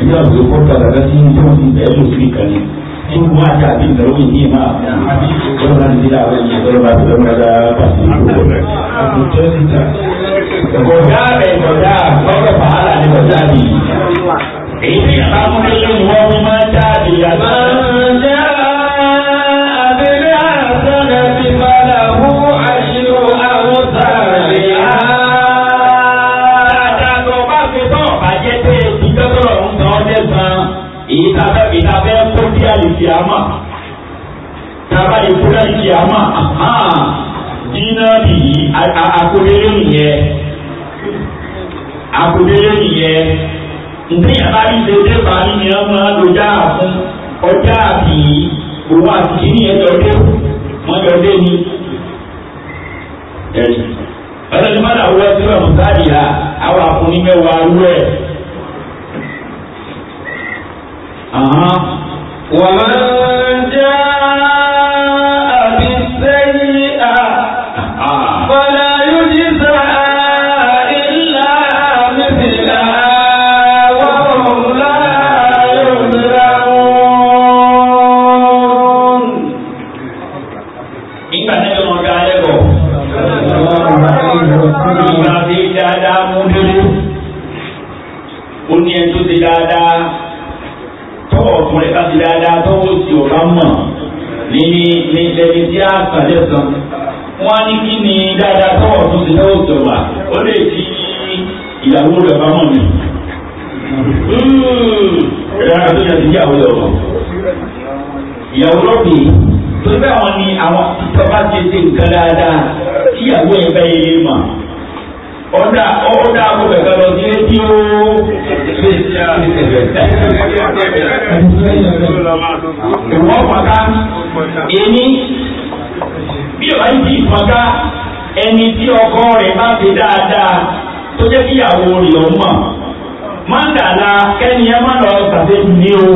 ẹgbẹ́ àgbẹ̀ fọ́ọ̀tà in kuma ta abin da rubin yi ma wani ran gida wani ya zara ba su da mada ba su yi ko da goda mai goda wanda fahala ne ba za bi in ya samu kallon wani mata da yaman ìkìyàmà tàbá ìkúdà ìkìyàmà dínàbì àkúrẹ́lẹ́ nìyẹn àkúrẹ́lẹ́ nìyẹn ntẹ́yà bá ní dédé bá ní ni ọmọ lójà fún ọjà àbí òun àti kìíní yẹn dé wọn jọ dé ni. ọ̀sẹ̀ tí mọ́tà wọ́n ti rẹ̀ mùsáàdì la àwọn àfúnni mẹ́wàá rú 我们家。ti dáadáa tọ́wọ́ tí ò bá mọ̀ ní ní ẹni tí a sàlẹ̀ san wọ́n á ní kí ni dáadáa tọ́wọ́ tó ti tọ́wọ́ tó wà ó lè ti ìyàwó rẹ̀ bá mọ̀ ni. ìyàwó tó yẹ ti yàwó lọ ìyàwó lọ́pìn tó bẹ́ẹ̀ wọn ni àwọn tọ́ba ti ṣe nǹkan dáadáa tíyàwó yẹn bẹ́ẹ̀ yé mà ọ̀dà ọ̀dà àgùnbẹ̀ kan lọ sí etí ó ìwọ́ pàtà èmi bí ọ̀rá yìí ti pàtà ẹni tí ọkọ rẹ̀ bá fi dáadáa tó jẹ́ kíyàwó rẹ̀ lọ́ mọ̀ mọ́ndàlá kẹ́ni ẹ má lọ gbàgbé ní o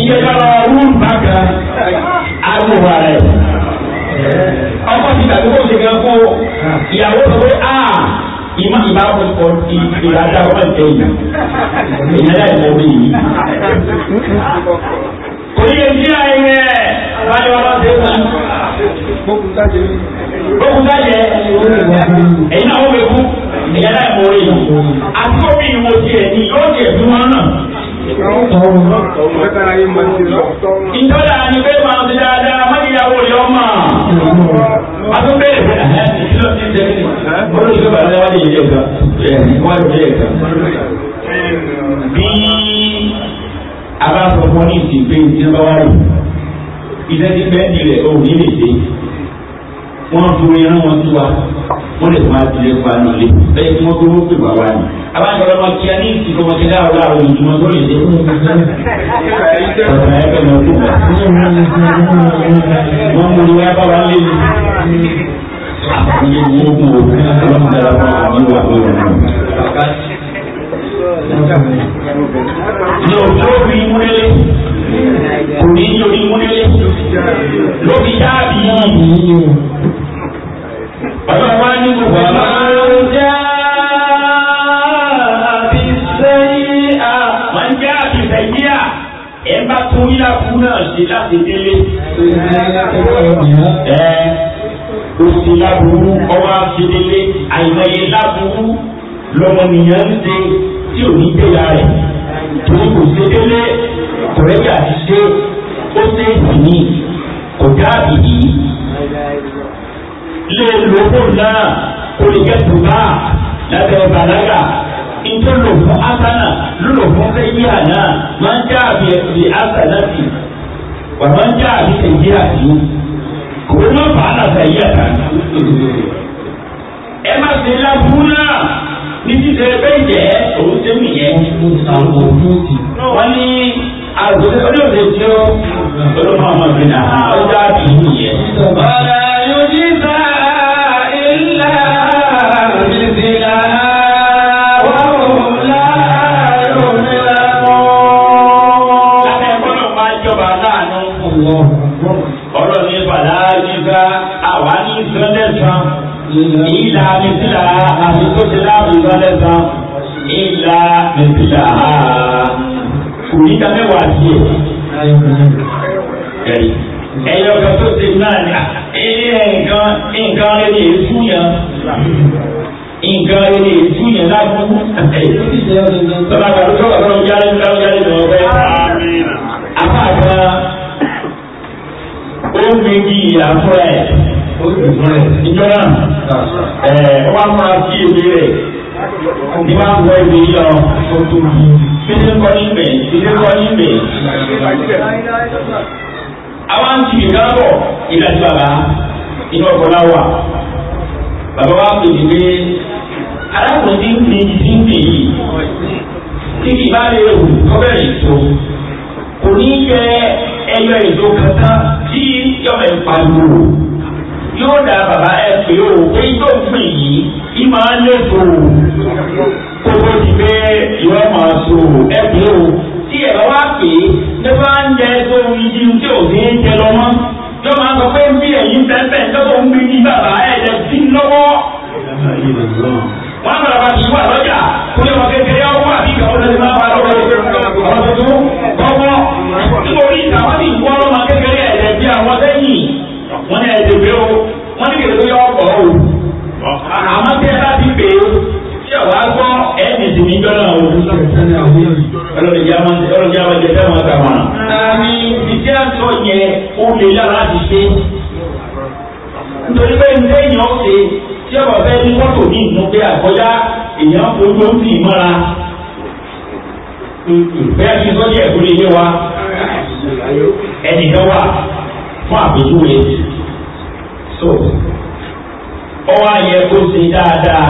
iye kára rúùn bá ga àgùnbà rẹ̀ ọkọ ti gbàgbé kó ṣe gan fún ìyàwó sọ pé a ìmọ̀ ìbá ọkọ̀ ìlàjà ọkọ̀ ìtẹ̀yìn ìyàrá ìmọ̀ mi yìí. kò yẹ kí a yẹ kẹ wájú wa lọ́sẹ̀ wọn. gbókùtà yẹ ẹ̀yin náà wọ́n bẹ kú ìyàrá ìmọ̀ rẹ̀ yìí. àti omi ìwò tiẹ̀ ni yóò jẹ̀ fún wọn náà ìtọ́jà ni pé máa ń ṣe dáadáa mọ́tìyàwó rẹ̀ ọmọ a tún bẹ̀rẹ̀ bẹ̀rẹ̀ ẹ̀ ẹ̀ kí ló ti jẹ́ kí olóṣèlú bàbá wa ní ilé ẹ̀ka ẹ̀ wọ́n ní ilé ẹ̀ka. bí a bá sọ fún ní ìsìn pé ìjọba wa lò ìdẹ́sí bẹ́ẹ̀ ni rẹ̀ òun ní lè dé wọ́n fi orin rán wọn sí wa wọ́n lè máa di ẹ̀kọ́ àlùlé lẹ́yìn tí wọ́n tó wọ́n pè wá wá ní. abájọ ọmọ kí a ní ìsìnkú ọmọ kí dáhùn láàrú ìjùmọ̀ tó lè dé. ọ̀sán ẹ̀kọ́ ni ọdún wa. wọ́n mú wa bá wa lé ní. àkùnye ní ogun o ọlọ́run dára fún àwọn ìwà tó rẹ̀ náà. yóò tó fi múlẹ̀ kò ní yóò ní múlẹ̀ lóbi dáàbì náà nìyí o ọlọ́run wá ní gbogbo àwọn. manja abisẹ́yí a. manja abisẹ́yí a. ẹ bá tún yíyá kú náà ṣe láti délé. ẹ o sì láburú ọwọ́ àṣedélé àìmọye láburú lọmọnìyàn ń ṣe tí ò ní gbéra rẹ̀ torí kò ṣe délé kò rẹ́jà ti ṣe ó ṣe é sì ní kò dáàbì yìí lè lò fún náà kò ní kẹ́ tó bá lábẹ́ ọba lága ìjọ lò fún asana lò fún sẹ́yìá náà máa ń já àbí ẹ̀sì asana sí wà máa ń já àbí sẹ́yìá sí kò ní wọ́n fà á nà sẹ́yìá kan. ẹ má ṣe lábúrú náà ní títẹ bẹ́ẹ̀ jẹ́ òun ṣe mí yẹn. wọ́n ní àgùntàn olóògbé tí ó olóògbé ọmọ mi nà ọjà àbí yẹn. bàbá yóò ní sọ. ìlà mìtìlà àti tó ṣe láàbù ìbálẹ̀ta ìlà mìtìlà kò ní ká sí ẹ̀. ẹyọ kan tó ṣe náà ní ilé nǹkan nǹkan rẹ̀ lè fún nǹkan rẹ̀ lè fún yàn lábúrú. àgbà tó sọ̀rọ̀ lọ́wọ́ jáde lọ́wọ́ jáde lọ́wọ́ bẹ́ẹ̀. àbá àgbà ó ń gbé bí ìyá fúra ẹ̀ ìjọba ẹ̀ wá múra sí èmi rẹ̀ ní wá wọ ìwé yọ fílẹ̀ kọ́ ní ibẹ̀ fílẹ̀ kọ́ ní ibẹ̀. àwa ń ti ìgbà bọ̀ ìdájú bàbá inú ọkọ̀ náà wà bàbá wa pè mí pé arákùnrin ti ń fi ti ń fi yìí tí kì bá lè wù kọ́bẹ̀rẹ̀ ètò kò ní jẹ ẹyọ ètò kankan tí yọ̀bẹ̀ ń pariwo yóò dá bàbá ẹ pé o pé tó ń pè yìí yìí máa ń léfò kókó ti pé ìwọ máa so ẹ pé o tí ẹ bá wá pè é ní bá ń jẹ tó ń yí tí ò ní jẹ lọ mọ́ yóò máa sọ pé bí ẹ̀yìn pẹ́ńpẹ́ lọ́wọ́ ń bí ní bàbá ẹ̀ lẹ́ sí lọ́wọ́ wọn bàbá ti wà lọ́jà kó lè wọ́n kékeré ọwọ́ àbí ìgbàwọ́ lọ́dún máa bá lọ́wọ́ ọ̀rọ̀ tuntun kọ́kọ́ nítorí ìtàwọn ti wọ́ ọlọ́mọ kékeré ẹ̀jẹ̀ bí àwọn lẹ́yìn wọ́n ní ẹ̀sìn pé o wọ́n ní kìlọ̀ yọ ọkọ̀ o àmọ́ tí ẹ bá ti pè é tí ẹ wá gbọ́ ẹ̀ ní ìsìn níjọ́ náà o ọlọ́dẹ̀jẹ́ àwọn jẹ fẹ́ràn ọ̀gá wọn. àmì ìdí àtọ̀ yẹn ó lè yára láti ṣe nítorí pé ní ẹ̀yìn ọ̀sẹ̀ tí ọ̀bà fẹ́ ní mọ́tò ní ìmú pé àkọjá èèyàn fojú ó sì mọ́ra bẹ́ẹ̀ ni sọ́jà ẹ̀kú lè yé wa ẹnìkan wà fún so ọwọ́ àyẹ kó ṣe dáadáa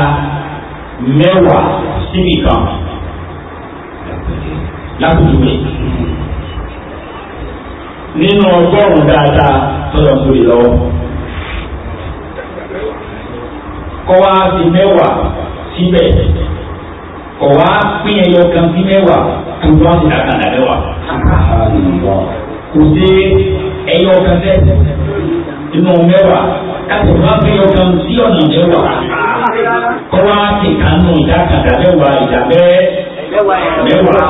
mẹ́wàá síbi kan lákòókò nínú ọgọ́rùn-ún dáadáa tọ́jọ́ tó lè lọ́wọ́ kọ́ wá sí mẹ́wàá síbẹ̀ kọ́ wá pín ẹyọ kan sí mẹ́wàá tó wá sí dàgbà dàgbà wà kò sí ẹyọ kan bẹ́ẹ̀ inú mẹ́wàá káṣí máa fi ọkàn sí ọ̀nà mẹ́wàá kọ́ wá ti kánú ìdá kàdá mẹ́wàá ìdá bẹ́ẹ̀ mẹ́wàá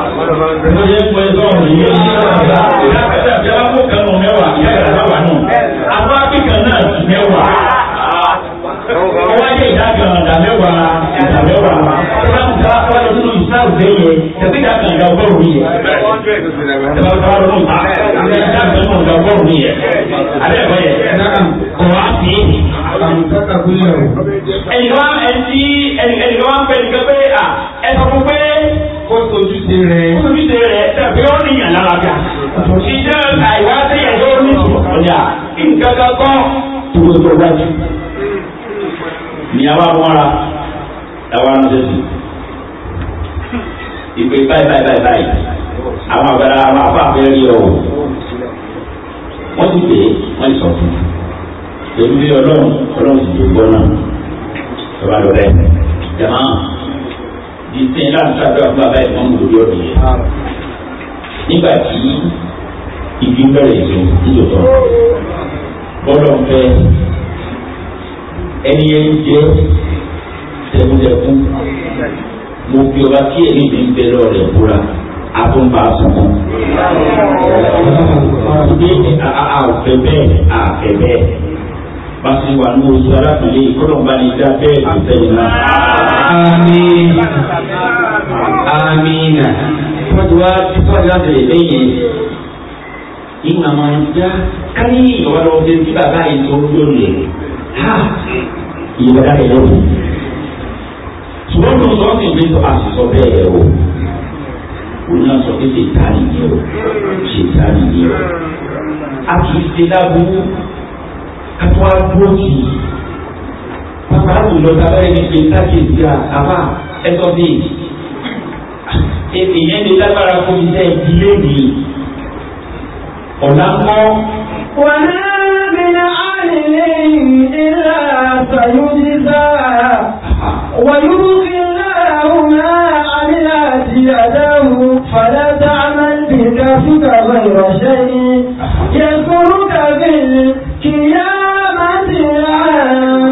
lóye fún ẹ sọ̀rọ̀ yìí ìdá kàdá bí a kó kánú mẹ́wàá ìdá kàdá wà nù àwọn akíkan náà sì mẹ́wàá ọwọ́ ayé ìdá kan ìdá mẹ́wàá àbẹ̀wò àwọn tẹ́lá kùtà wájú nínú ìsáwù lẹ́yìn tẹ̀sí ìdá kan ìdá ọgọ́rùn-ún yẹ. tẹ̀lá kùtà wájú nínú ìdá ọgọ́rùn-ún yẹ. àbẹ̀wò yẹ. kò wá sí. ẹnì wá ẹtí ẹnì wá pẹ́ nìkan pé à ẹ sọ fún pé kó sojú ti rẹ̀. kó sojú ti rẹ̀ tẹ̀sí ó ní ìyàn lára bí i. ìjẹ́ àìwá sí ẹ̀jọ́ ní ìsọ̀rọ̀ nǹkan kan kọ́. ìwé tó wájú. ìyàwó àwọn ará táwa ń sẹ́sì ìpè báyìí báyìí báyìí báyìí àwọn àgbàrá àwọn afọ àfẹ́rí ọ̀ wọ́n ti pè é wọ́n ti sọ fún un tèmi bí ọlọ́run ọlọ́run sì ti gbọ́ náà ọba lọ bẹ́ẹ̀ jama ìsìn láti sábẹ́ ọgbà báyìí wọ́n mú lórí ọ̀dọ̀ yẹn nígbà tí ibi bẹ̀rẹ̀ ètò nítòtọ́ bọ́lọ̀ fẹ́ ẹni yẹn jẹ́ tẹ̀wúlẹ̀kún mo fi ọba kí èmi mi ń bẹ lọ́ọ̀rẹ̀ búra àtúnbà a Bí àfẹ́ bẹ́ẹ̀ àfẹ́ bẹ́ẹ̀ bá ti wà ní oṣù arábìnrin ìkọlọ́mbà ní dá bẹ́ẹ̀ tó sẹ́yìn náà. Amina. Amina. Wọ́n ti wá tí wọ́n ti láti lè lẹ́yìn ìgbà máa ń já kárí ìwádọ́wọ́dé tí bàbá yìí tó ń lò lè. Ìwádà ṣùgbọ́n tó sọ ní ìgbésọ àṣìṣọ bẹ́ẹ̀ o wọn náà sọ pé ṣètàní ni o ṣètàní ni o a kì í ṣe láburú kátó wá dúró tì í pápá àwùjọ tábà ẹni pé sákèsì àbá ẹsọ ní èèyàn lè lágbára fún iṣẹ́ ìdílé mi ọ̀nà kọ́. wọ́n á bẹ̀rẹ̀ àlè lẹ́yìn ilé àṣà yóò ní sáà. ويبغي الله ما عملت يده فلا تعمل بكفك غير شيء يذكرك بالقيامة العام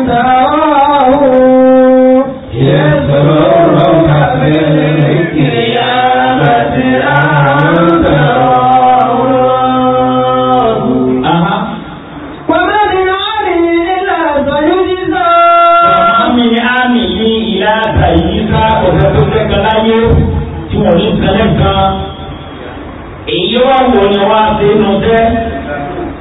ìṣe wá wù ọ́ ni wá inú tẹ́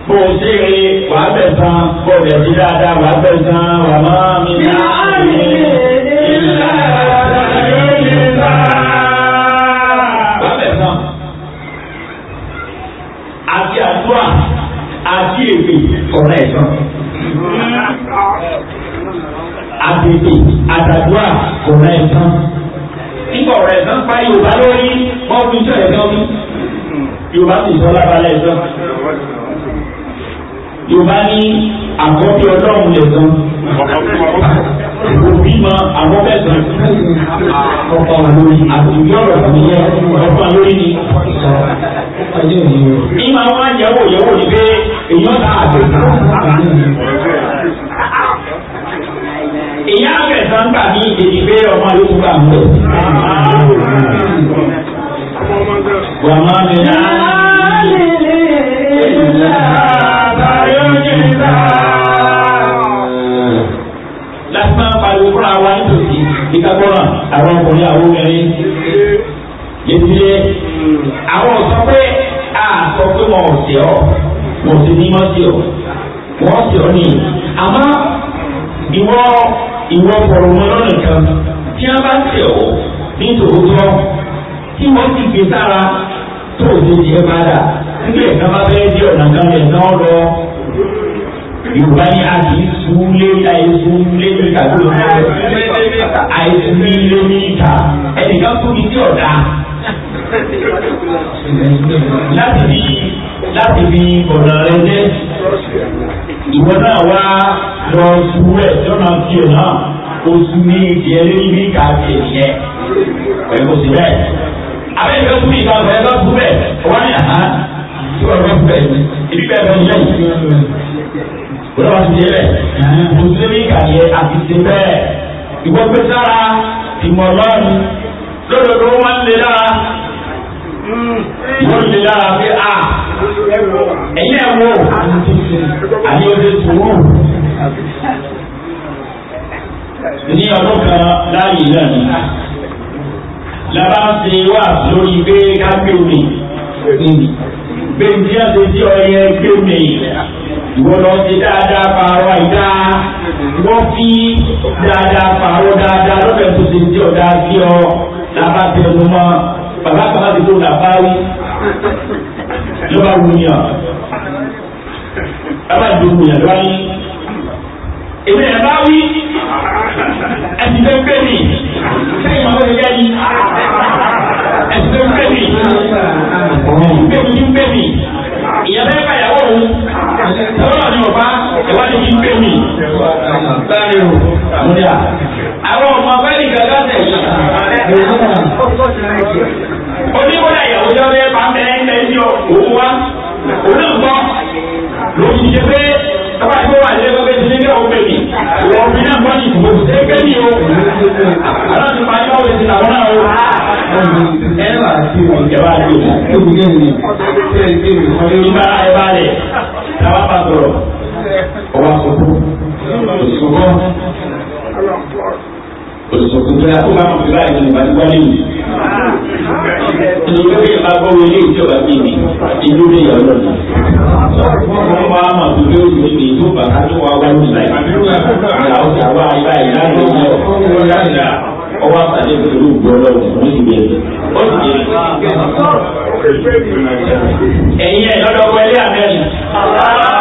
bó o ṣe rí wàá bẹ̀ san bó o bẹ̀ sí dáadáa wàá bẹ̀ san wàá má mi ní àmì ìlà ìlà wàá bẹ̀ àti àdúrà àti èpè ọ̀rẹ́ ẹ̀ sàn. àtàdúrà ọ̀rẹ́ ẹ̀ nígbà ọ̀rẹ́ ẹ̀ pa Yorùbá lórí wọ́n fi sọ̀rọ̀ ẹ̀ sàn yorùbá sì sọ lábàlẹ̀ ẹ̀sán yorùbá ní àkọ́bí ọlọ́run lẹ̀sán òbí mọ àwọn bẹ̀sán ọkọ̀ lórí àtúntò ọ̀rọ̀ nìyẹn ọkọ̀ lórí ni. ìmọ̀ àwọn àyẹ̀wò yẹ̀wò ni pé èèyàn ta àbẹ̀sán. ìyá àbẹ̀sán gbà ní èdè pé ọmọ yóò gbà mú. وما من عامل إلا فيجزى lásán pariwo fúnra wa nítòsí ìkagbọ́nà àwọn ọkùnrin àwọn obìnrin yẹtìlẹ àwọn sọ pé a ah, sọ pé wọn ò sí ọ wọn ò sí ní wọn ìwọ ìwọ bọ̀rọ̀ mọ́ lọ́nà kan tí wọ́n bá sí ọ ní tòótọ́ tí wọ́n ti gbé sára tó òde jẹ́ padà nígbà ẹ̀ka bá fẹ́ jẹ́ ọ̀nà kan lẹ̀ náà lọ. Yorùbá ní àti súnlé àìsúnlé níta tó lọ. Àìsúnlé níta ẹnìkan fún mi tí ọ̀dà. Láti fi láti fi ọ̀nà rẹ jẹ́ ìwọ náà wá lọ sú ẹ̀ lọ́nà tiẹ̀ náà oṣù ní ìdíyẹ lórí bí kàá tiẹ̀ nìyẹn. Pẹ̀lú oṣù bẹ́ẹ̀ abẹ́ ìfẹ́ fún ìgbà ọ̀rọ̀ ẹ̀rọ fún bẹ́ẹ̀ wọ́n ní àná tí wọ́n rẹ̀ fún bẹ́ẹ̀ ibi bẹ́ẹ̀ bẹ́ẹ̀ yẹ yìí wọ́n lọ́wọ́ ti délẹ̀ mùsùlùmí kàyẹ àti ti bẹ́ẹ̀ ìwọ́n pé sára ìmọ̀ lọ́rùn lọ́dọọdọ wọn lè lára wọ́n lè lára pé a ẹ̀yìn ẹ̀ wò àní oṣù tòun ní ọdún kan láàyè náà làbá ṣe wà lórí pé ká gbé omi gbé tí a ṣe sí ọyẹ gbé omi ìwọ lọ ṣe dáadáa pààrọ̀ àìdá wọ́n fi dáadáa pààrọ̀ dáadáa lọ́bẹ̀ tó ṣe sí ọ̀dà sí ọ làbá ṣe ọdún mọ́ bàbá kan láti tó làbá rí lọ́ba wù lọ́ba ìdókòyàn lọ́ba èmi ẹ̀ bá wí ẹ̀sìn tó ń pè mí sẹ́yìn máa wọlé yẹ́ni ẹ̀sìn tó ń pè mí ẹ̀sìn tó ń pè mí ìyá bẹ́ẹ̀ bá yàwó òun lọ́wọ́ ni ọba ẹ̀wá ni kí n pè mí báyìí o mo ní à. àwọn ọmọ abẹ́rẹ́ ìgbà lọ́sẹ̀ yìí. oníwọ̀nà ìyàwó jọ bẹ́ẹ̀ máa ń bẹ̀rẹ̀ ń bẹ̀rẹ̀ ń yọ òun wá òun náà gbọ́ lòun ti ṣe pé bàbá tó wà ní ẹgbẹ́ tí nílé ọ̀gbẹ́ mi wọ́n fi náà mọ́ni ìdìbò ẹgbẹ́ mi o aláàbí máa yọ òwe ti tàwọn náà o. ẹ bá a ti wọ ẹ bá a ti wọ. ewu ní ẹni ṣe é ṣe é. ìgbà ẹ rẹ̀ tàbá bá sọ̀rọ̀ ọba sọ̀rọ̀ òṣùwọ̀n olùsọ̀kùnrin náà ó máa fi báyìí ní ìbádìgbà lè wù. ìlú lórí ìbá gbọ́wọ́ ilé ìjọba ní ìní ìlú ní ìyàwó lọ́nà. wọ́n máa ń tó lé òṣèlú ní ìlú bàtà tó wà wá ní ìlà ìyàwó ìyàwó àyíká ìlà ọwọ́ àtàlẹ́ pẹ̀lú ìgbọ́lọ́ ní ìbẹ̀rẹ̀. ó sì yẹ ẹ̀yin ẹ̀ lọ́dọ̀ wọlé àbẹ́rẹ́.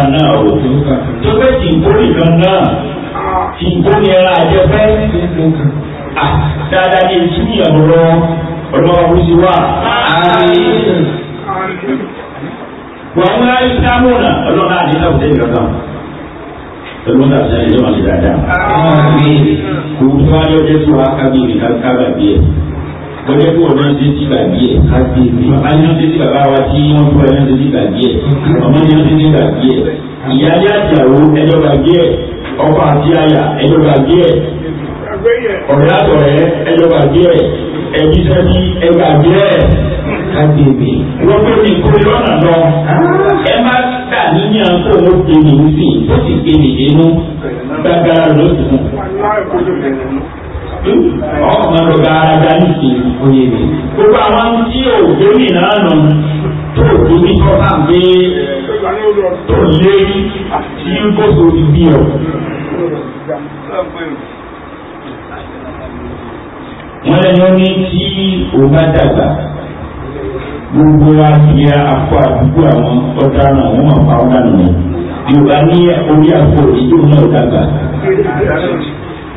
kan náà o tó pé tìǹkórì kan náà tìǹkórì ẹran àjẹpẹ́ dáadáa ní etí ní ọ̀rọ̀ ọlọ́wọ́ bó ti wà. wọ́n mú ayé sámú náà ọlọ́run náà ní sábùdé ìgbàgbọ́ ẹgbọn náà sẹ́yìn ló wà ní dáadáa. kò tó ayọ̀ jẹ́ tó wá kábíyèmí kábàbí ẹ̀ kọjá kó wọn máa ń tẹ́tí gbàgbé ẹ̀. bàbá ni wọ́n tẹ́tí bàbá wa tí wọ́n fún ẹ ní tẹ́tí gbàgbé ẹ̀. ọmọ ni wọ́n tẹ́tí gbàgbé ẹ̀. ìyá ní àtìyàwó ẹjọ́ gbàgbé ẹ̀ ọkọ àti aya ẹjọ́ gbàgbé ẹ̀. ọ̀rẹ́ àtọ̀rẹ́ ẹjọ́ gbàgbé ẹ̀. ẹbí sẹ́bí ẹ gbàgbé ẹ̀. wọ́n tó ní kó lọ́nà lọ. ẹ má dà níyàn kó o gbé mi sí i ó sì gbé mi dénú gbàgbára lóṣù. ọ ọ̀gá ara ẹja nìsí onye mi. gbogbo àwọn tí ò gbóni náà nù tó tó ní kọ́tà ń gbé tó tí ti bí ọ. wọ́n lẹ́nu ní tí gbogbo ya afọ akwụkwọ àwọn ọ̀daràn na àpá ọ̀daràn ni yorùbá ní orí àpò ìdí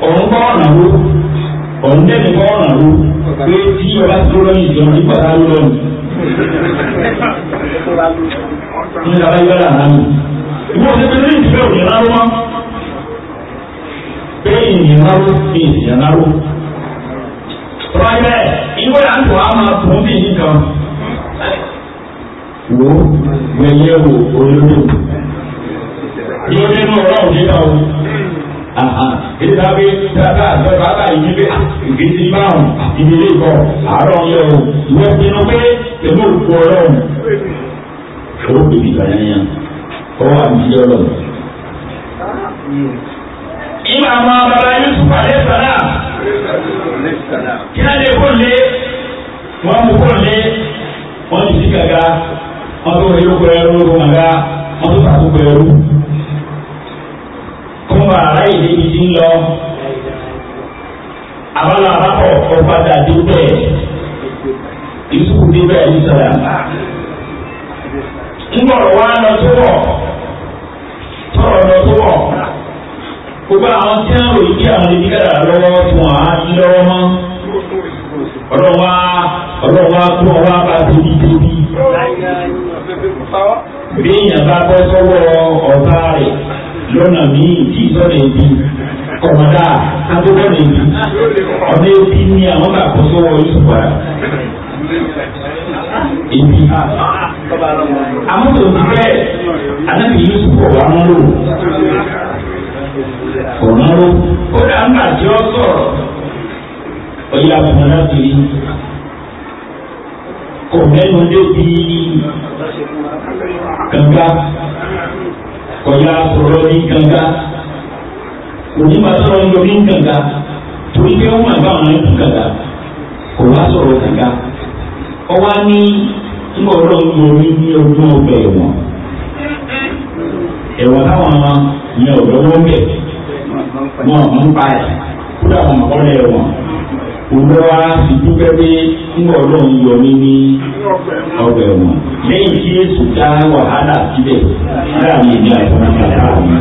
òun òun dẹ́ni kọ́ ọ̀ràn ló pé tí ọba tó lọ́yìn ìjọba nípa tá ló lọ́nu. ní ìjọba yọ làná mi. ìwọ ti fi ní ìdílé òní láró mọ́. pé ìyìn láró fi ìyìn láró. rọ́ọ̀yẹ́ ìwé àtọ̀ á máa tún bí nìkan. wo wo. ìdábí dáadáa àjọba aláìní pé ìgbésí márùn ìdílé ìbọ àárọ̀ yẹ o ìwé pinnu pé pẹ̀lú òkú ọlọ́run ó bèbí ìgbàyànyà ọwọ́ àbíyí ọlọ́run. ìmọ̀ àwọn bàbá yusuf alẹ́ sàlá kí á lè kó lé wọ́n mú kó lé wọ́n ti sí gàgà wọ́n tó wọlé lóko ẹrú lóko gàgà wọ́n tó tàkó ẹrú fún ara ìdè yìí ti ń lọ abala abakọ ọ̀padà dúpẹ́ ìsúkú dúpẹ́ ìsọ̀rọ̀ ńgbọ̀rọ̀ wa lọ tó wọ̀ tọ̀rọ̀ lọ tó wọ̀ gbogbo àwọn tí wọn ròyìn bí àwọn ibi kára lọ́wọ́ tí wọn á ti lọ́wọ́ mọ́ ọlọ́run wa ọlọ́run wa kú ọ wá bá tóbi tóbi bí èèyàn bá bọ́ sọ́wọ́ ọ̀tá rẹ̀ lọ́nà míì tí ìsọ̀nà èdè kọ̀mọ̀dá adókọ̀nà èdè ọ̀nà èdè ni àwọn bá kó sọ́wọ́ yusuf wa. Èdè amúlò bíbẹ́ anábì yusuf ọ̀wá ń lò ọ̀nà ló kódà ń bàjẹ́ ọ sọ̀rọ̀ ọ̀yà fúnra kiri kò mẹ́nu débi gbangba kọjá sọ̀rọ̀ ní gàngá òní máa sọ̀rọ̀ ní omi gàngá torí pé wọ́n máa bá wọn lẹ́kùn gàngá kò wá sọ̀rọ̀ gàngá ọwọ́ á ní nígbà ọlọ́run ní orí ní ọdún ọgbà ẹ̀wọ̀n ẹ̀wọ̀n táwọn yẹn ọ̀dọ́ wọ́n bẹ̀ wọ́n mú pa ẹ̀ kúrò àwọn ọ̀rẹ́ ẹ̀wọ̀n òun wá fi dúpẹ́ pé nígbà ọlọ́run yọ mí ní ọgbà ẹ̀wọ̀n lẹ́yìn tí èsù dá wàhálà síbẹ̀ láàrin èmi àti ọmọ ìgbà mi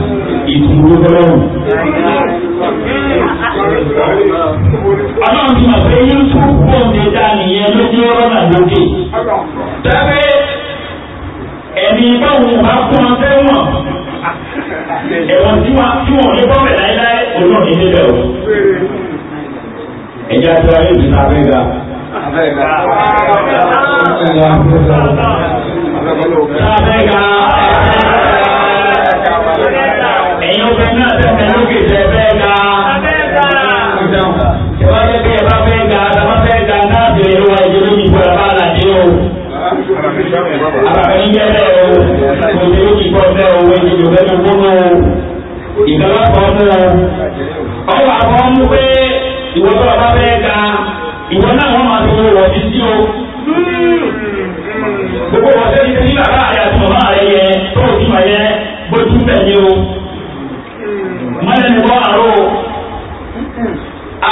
ìtumọ̀ lọ́rùn. ọlọ́run ti mọ̀ pé yusuf pọ̀ ní ẹja nìyẹn ló dé rọ́nà lókè. tẹ́lẹ̀ ẹ̀mí báwọn bá kún ọ sẹ́wọ̀n ẹ̀wọ̀n tí wọ́n lé bọ́ọ̀bẹ̀ láéláé olóòní níbẹ̀ o ẹ̀jẹ̀ àti ọ̀rẹ́ ìdí ta fẹ́ ga. Ẹ̀yin obìnrin náà tẹ̀sẹ̀ lókè tẹ̀ fẹ́ ga. Ìwádìí bí ẹ bá fẹ́ ga, ẹ bá fẹ́ ga náà sì lè wá ìdílé mi pọ̀ ẹ̀ bá là dé o. Àbàbẹ̀ ń jẹ́ bẹ́ẹ̀ o, kò sí lókè pọ̀ bẹ́ẹ̀ o, ìdílé òbẹ́ tó gbóná o, ìgbàlá kan mú o. Ọ̀pọ̀ àwọn ọmú pé ìwọ tó ọba fẹ́ ga ìwọ náà wọ́n máa tó wọ̀ sí sí o. gbogbo wọn sẹ́yìn tí bàbá rẹ àti màmá rẹ yẹ tó o ti mà yẹ bó tún bẹ̀ yẹ o. mọ́lẹ̀ ni wọ́n àrò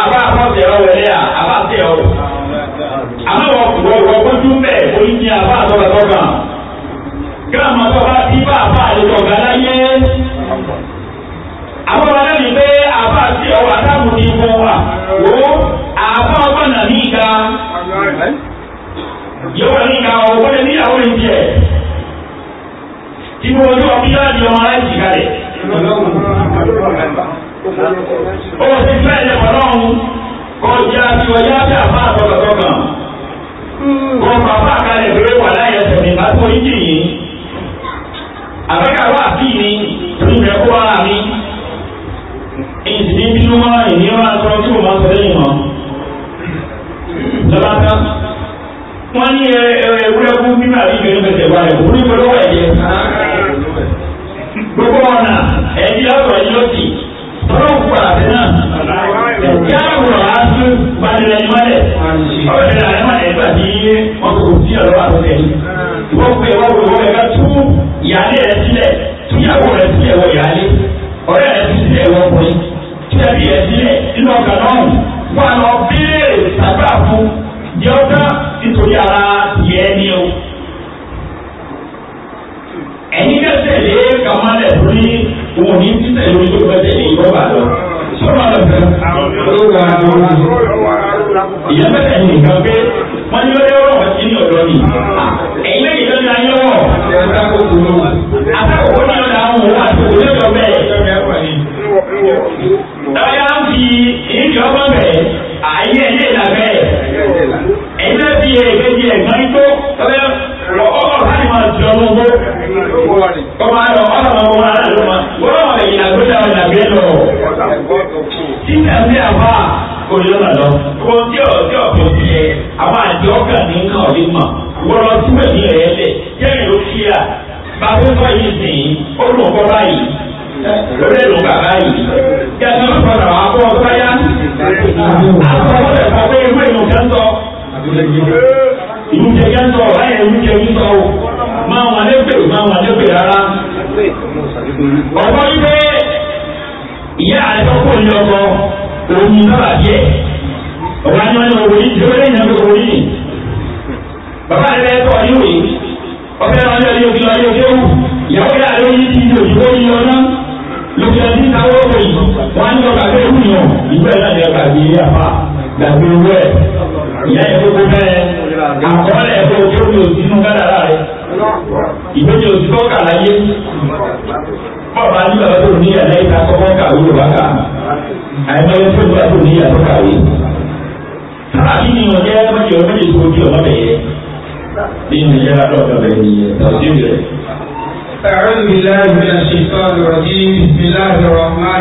àbá àfọ̀tẹ̀ ọ̀wẹ̀lẹ̀ à àbá tẹ̀ ọ̀. àmọ́ wọ́n wọ́n wọ́n bó tún bẹ̀ oyin ni àbá àtọ̀gbàtọ̀gbà. gírámà tó bá ti bá àbá àlejò ọ̀gá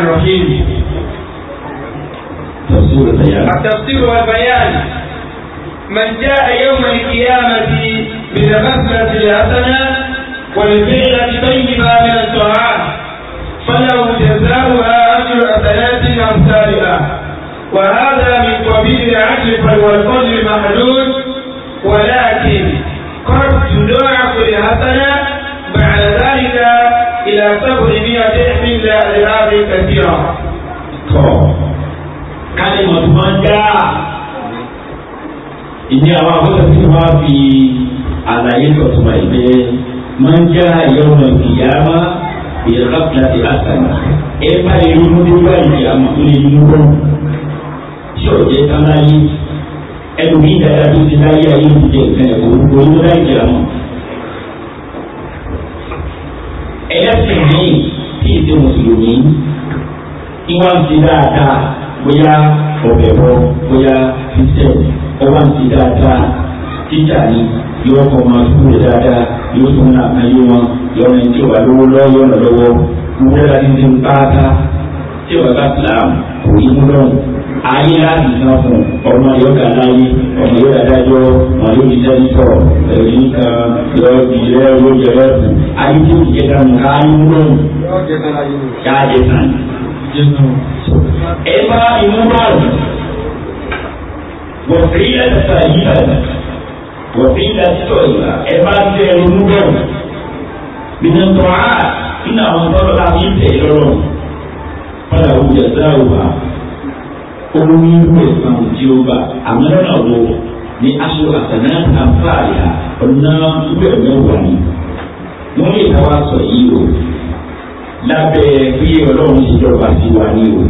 الرحمن الرحيم التفسير والبيان من جاء يوم القيامة بالمثلة الحسنة والفعلة طيبة من الدعاء فله جزاؤها أجر حسنات أمثالها وهذا من قبيل العجل والفضل المحدود ولكن قد تضاعف الحسنة بعد ذلك إلى مئة àdìrábì kẹsì rà tọ̀ káyọ̀ mọ̀túmọ̀ já ìní àwọn akọ́tà tí wọ́n á fi àlàyé tọ̀tùmọ̀ ìgbé máa ń já ìyẹ́wò náà kìyàmá ìrọ́pìlà ti àtàlà ẹ bá irú ní bá ìyàmá tó lè yín wọ́n tí ò jẹ́ sáná yín ẹnu bí dáadáa tó ti láyé ayé ti jẹ nǹkan ẹ̀ kó ló dá ìyàmá. ẹlẹ́sìn míì tí èdè mùsùlùmí kí wọ́n ti dáadáa bóyá ọ̀bẹ̀ bọ́ bóyá fífẹ́ ẹ wá ti dáadáa tíjà ni yóò kọ́ máa sùn rẹ̀ dáadáa yóò tún náà kan yóò wọn yọ̀nà tí ò bá lówó lọ́wọ́ yọ̀nà lọ́wọ́ wúlẹ̀ láti ti ń bá a tí ò bá ká fìlà kò yí mú lọ́rùn ayé láti san fún ọmọ yóò kà láyé ọmọ yóò dájọ́ ọmọ yóò di sẹ́ńtọ̀ ẹ̀rí kan lọ́ọ́ di lẹ́ẹ̀rọ jẹ̀rọ̀ fún ayé tí kò jẹ́ kan ká ń lóhùn ká jẹ́ kan. ẹ bá inú bá rẹ̀ wọ̀fíìlẹ̀ sọ yìí bẹ̀rẹ̀ wọ̀fíìlẹ̀ sọ yìí ẹ bá tẹ ẹrú bẹ̀rẹ̀ bìnnìtọ̀ á nínú àwọn tọ́lọ́ láti tẹ̀ lọ́rùn padà wù jẹ̀ sáà wù wá onírú ẹ̀sán tí ó bá àmọ́ lọ́nà wo ni aṣọ àtàná àǹfààní à ọ̀nà bẹ́ẹ̀ mẹ́wàá ni. wọ́n lè ká wá sọ yìí o lábẹ́ bí ọlọ́run ṣe jọba sí wa ní o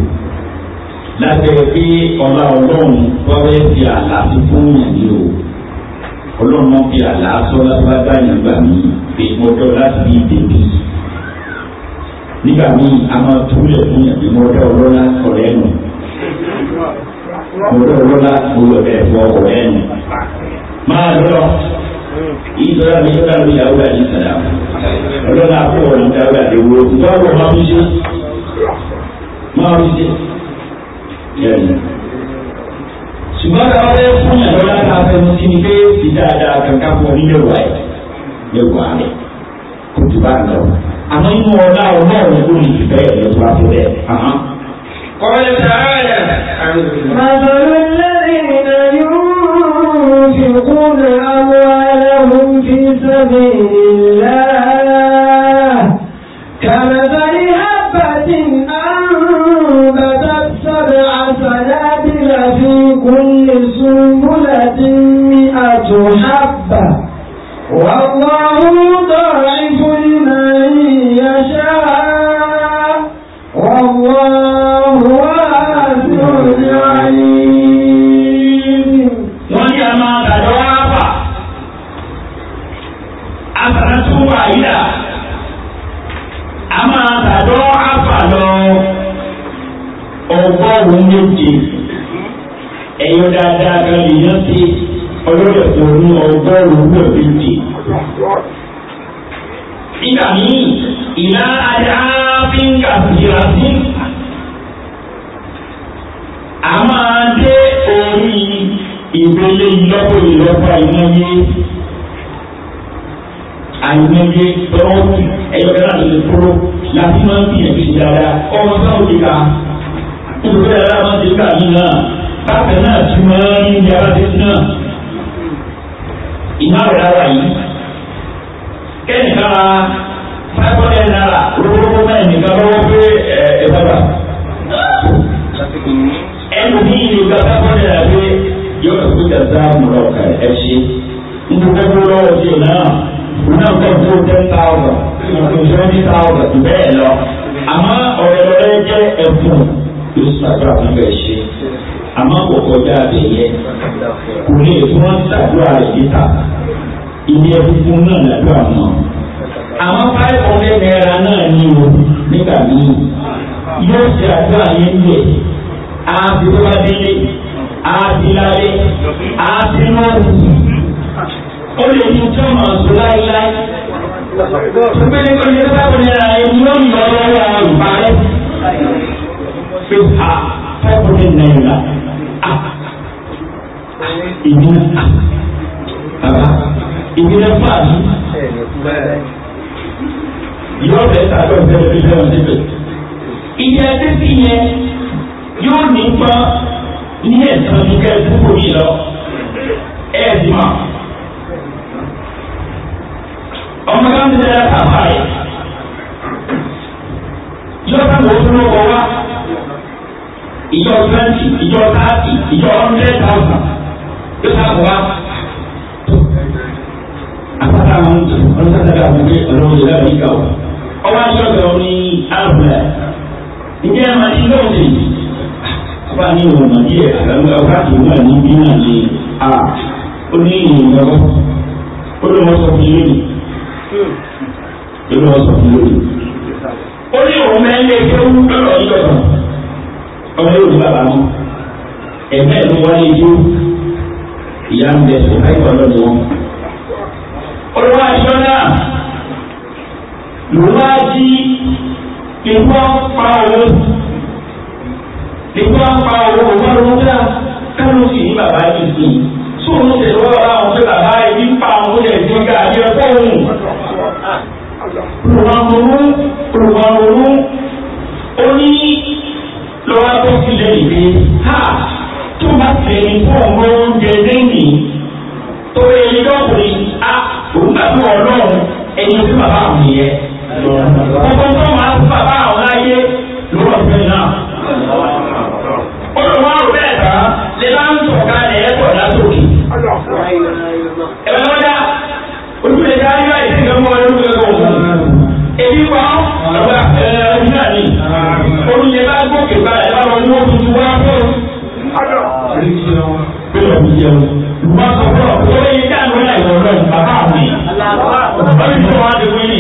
lábẹ́ bí ọlá ọlọ́run wáwẹ́ fi àlá fún yàn ní o ọlọ́run fi àlá sọ́lá bá báyìí gbà mí ìmọ̀jọ́ láti bí ìdèbí nígbà míì a máa túlẹ̀ fún yàn ìmọ̀jọ́ ọlọ́lá ọ̀rẹ́ nù mo tó lọ́la gbogbo ẹ̀ fọ ọkọ̀ ẹ̀ nù. máa lọ ìtura mi tó dáhùn ìyàwó àti ìsàlà ọlọ́la àkọ́kọ́ ní ìyàwó àti ìwúrò tó àbọ̀ máa fi ṣe máa fi ṣe. ṣùgbọ́n táwọn ẹ̀ fún yàrá láta fẹ́ mu sí ni pé ti dáadáa kankan fún ọ ní yẹ̀wò ẹ̀ yẹ̀wò àlẹ́ kò tó bá ń lọ àmọ́ inú ọlá ọlọ́run ló ní ìfẹ́ ẹ̀ lọ́wọ́ àfọwẹ́ قال تعالى مثل الذين ينفقون أموالهم في سبيل الله ìyá ń bẹ sí àìsàn lọ́dọ̀ wọn. olùwà aṣọ náà lòun á jí ikú ọ̀pá owó ikú ọ̀pá owó òun ló dá kánú sì ní bàbá yìí sí i tó òun ṣe wọ́n bá wọn pé bàbá yìí ń pa òun lè dín ká àbí ọkọ òun. olùwà òun olùwà òun ó ní lọ́wọ́ tó fi lè dìde tó bá fèrè fún ọmọ oúnjẹ lẹ́yìn tó yẹ yíyọ pé a òun gbà fún ọlọ́run ẹni tó bàbá àwọn yẹn. gbogbo tó máa fún bàbá àwọn láyé ló rọ̀ fún náà. olùwọ́n àrùn bẹ́ẹ̀ tán lè bá ń sọ̀ka lẹ̀ ẹ́ pọ̀ látòkè. ẹ̀rọ lọ́dà olùkọ́ ìdá yóò àyè sí ìgbàmọ́ olùkọ́ ìgbàmọ́ òun. èmi wà ọ̀gbà ẹ̀rọ ní àná olùyẹ bá gòkè bá ẹ̀ bá wọn ní wọ́n tuntun wá fún un pé kò jẹun. Ìgbà tó bọ̀ tó yẹ ká ló lẹ̀ wọ̀ lọ́wọ́ bàbá mi. Ó ní sọ wá di wí ni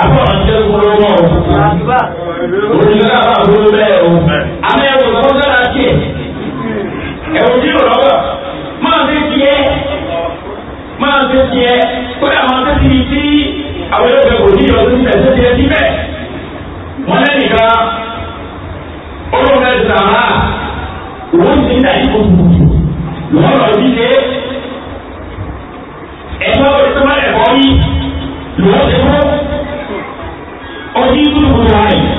Àbọ̀ ọ̀jẹ̀ gbọ́dọ̀ wọ̀ o. Òṣìṣẹ́ náà bá wọ́n bẹ́ẹ̀ o. Àmì ẹ̀rọ tó sára sí ẹ̀. Ẹ̀rù tí lọ́wọ́. Máa fi tiẹ̀. Máa fi tiẹ̀. Kódà máa fi tiẹ̀ tí àwọn ẹlẹ́gbẹ̀ẹ́ kò ní ìyọ̀dún tẹ̀sí tiẹ̀ síbẹ̀. Wọ́n lẹ́nìkan. Olóńgbẹ́ ti sàmà òun ti dà yìí kó tutù lọ́wọ́ lọ sí ilé ẹ̀fọ́ tó bá ẹ̀fọ́ yìí lọ́wọ́ ti kó ọdí dúdú wá yìí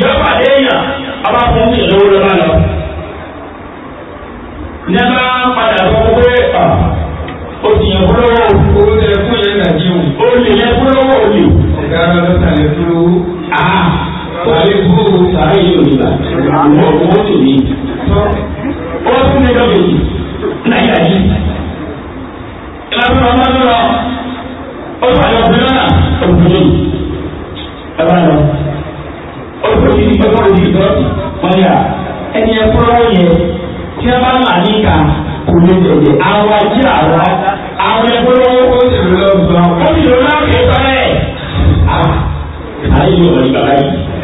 yọ pàdé èèyàn ọba fún mi lówó lọ́wọ́ lọ. Nyaba padà sọ pé o ti yàn fúlọ́wọ́ o lè fún yẹn o lè yẹn fúlọ́wọ́ o lè. Ọ̀gá ara lọ́ta lè fúlọ́wọ́ tàbí kúrò sàárè yóò nígbà wọ́n wọ́n sì ní. ó tún ní dọ́kítì náírà yìí. ìlànà ọmọ ọdún lọ ó tún àjọ ọdún náà òkùnrin ẹ̀rọ lọ. ó tún ti di pẹ́pọ́ lórí ìtọ́jú wọ́n yà ẹni ẹ fúnra yẹ tí a bá là níka kò lè tẹ̀lé àwọn ajé àwa àwọn ẹgbẹ́ lọ́wọ́ ó sì lọ́ọ́ gbọ́ ó sì lọ́ọ́ kẹ́kọ̀ọ́ rẹ̀. àyè yóò wọlé bàbá yìí.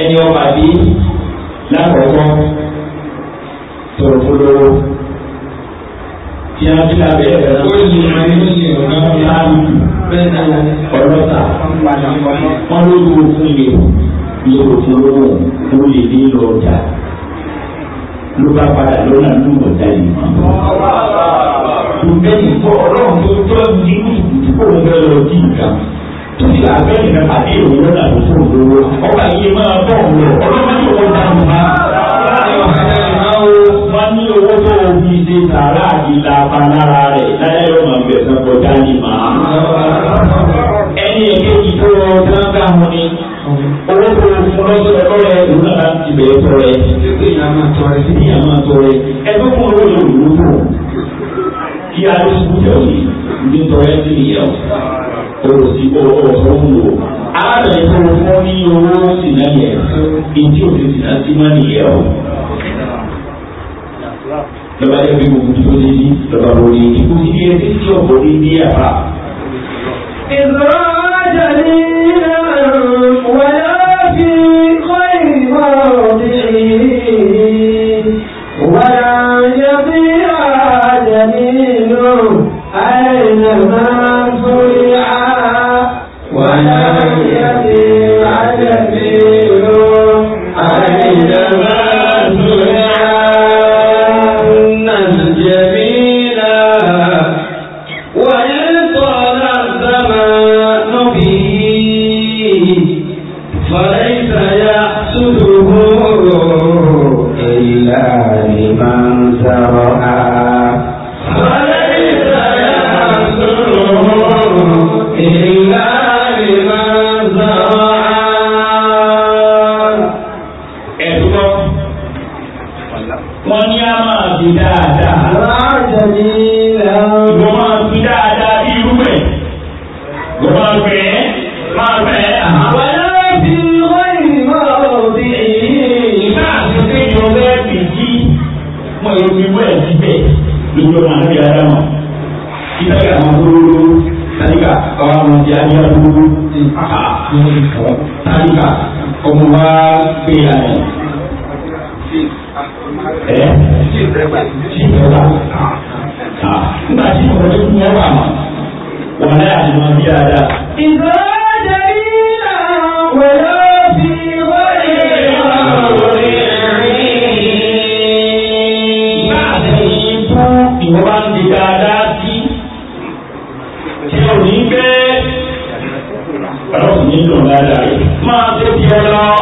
ẹni ọba bí lákọ̀ọ́kọ́ tọrọ polówó tí a bí lábẹ́ ẹ̀rọ náà. ó lè máa ní ṣe ọ̀gá ọ̀gá àlùkù bẹ́ẹ̀ náà ọlọ́ta wọ́n ló lu òfin lè lè òfin lówó ó lè ní lọ ọjà ló bá padà lọ́nà ní ọjà yìí mọ́. ìgbẹ́ni fọ ọlọ́run tó tọ́ ní ìdíkò ń bẹ lọ sí ìgbà títí àbẹ́rẹ́ ìgbà pàdé ìròyìn lọ́dà tó fún òdòdó ọgbà yìí máa bọ̀ ọ̀rọ̀ ọlọ́mọdé owó dáhùn bá wọ́n ní owó tó o fi ṣe sàrà ìlà apalára rẹ̀ láyé yóò máa bẹ̀ sọ kọjá ní màá. ẹni èkejì tó o gán dáhùn ni owó tó o fún lọ́sọ̀rọ̀ lọ́rẹ̀ ìlú náà ti bẹ̀ẹ́ tọrẹ. ìyá máa tọrẹ. ìyá máa tọrẹ. ẹgbẹ́ fún owó yóò lò ó tó. ìyá ló sùn jọ̀ọ́ yìí ní tọrẹ sí ìyá ọ̀sán owó sí owó owó wò arábìnrin tó fún ní owó sì náà yẹ ìdí òde sì náà sí má nìyẹn o. lọ́ba yẹ bí gbogbo tó lé ní lọ́ba wo ni ikú sí bí ẹsẹ̀ tí ọ̀pọ̀ ní bí àbá. ìṣòro ajá ní ìlànà wọlé. àwọn ọmọ ìyá ní àdúgbò ti àhà ní ìfọ́ táyà ọmọ wa gbé ya rẹ̀. ẹ mana ìrẹ́pà tí ìrẹ́pà nígbà Allah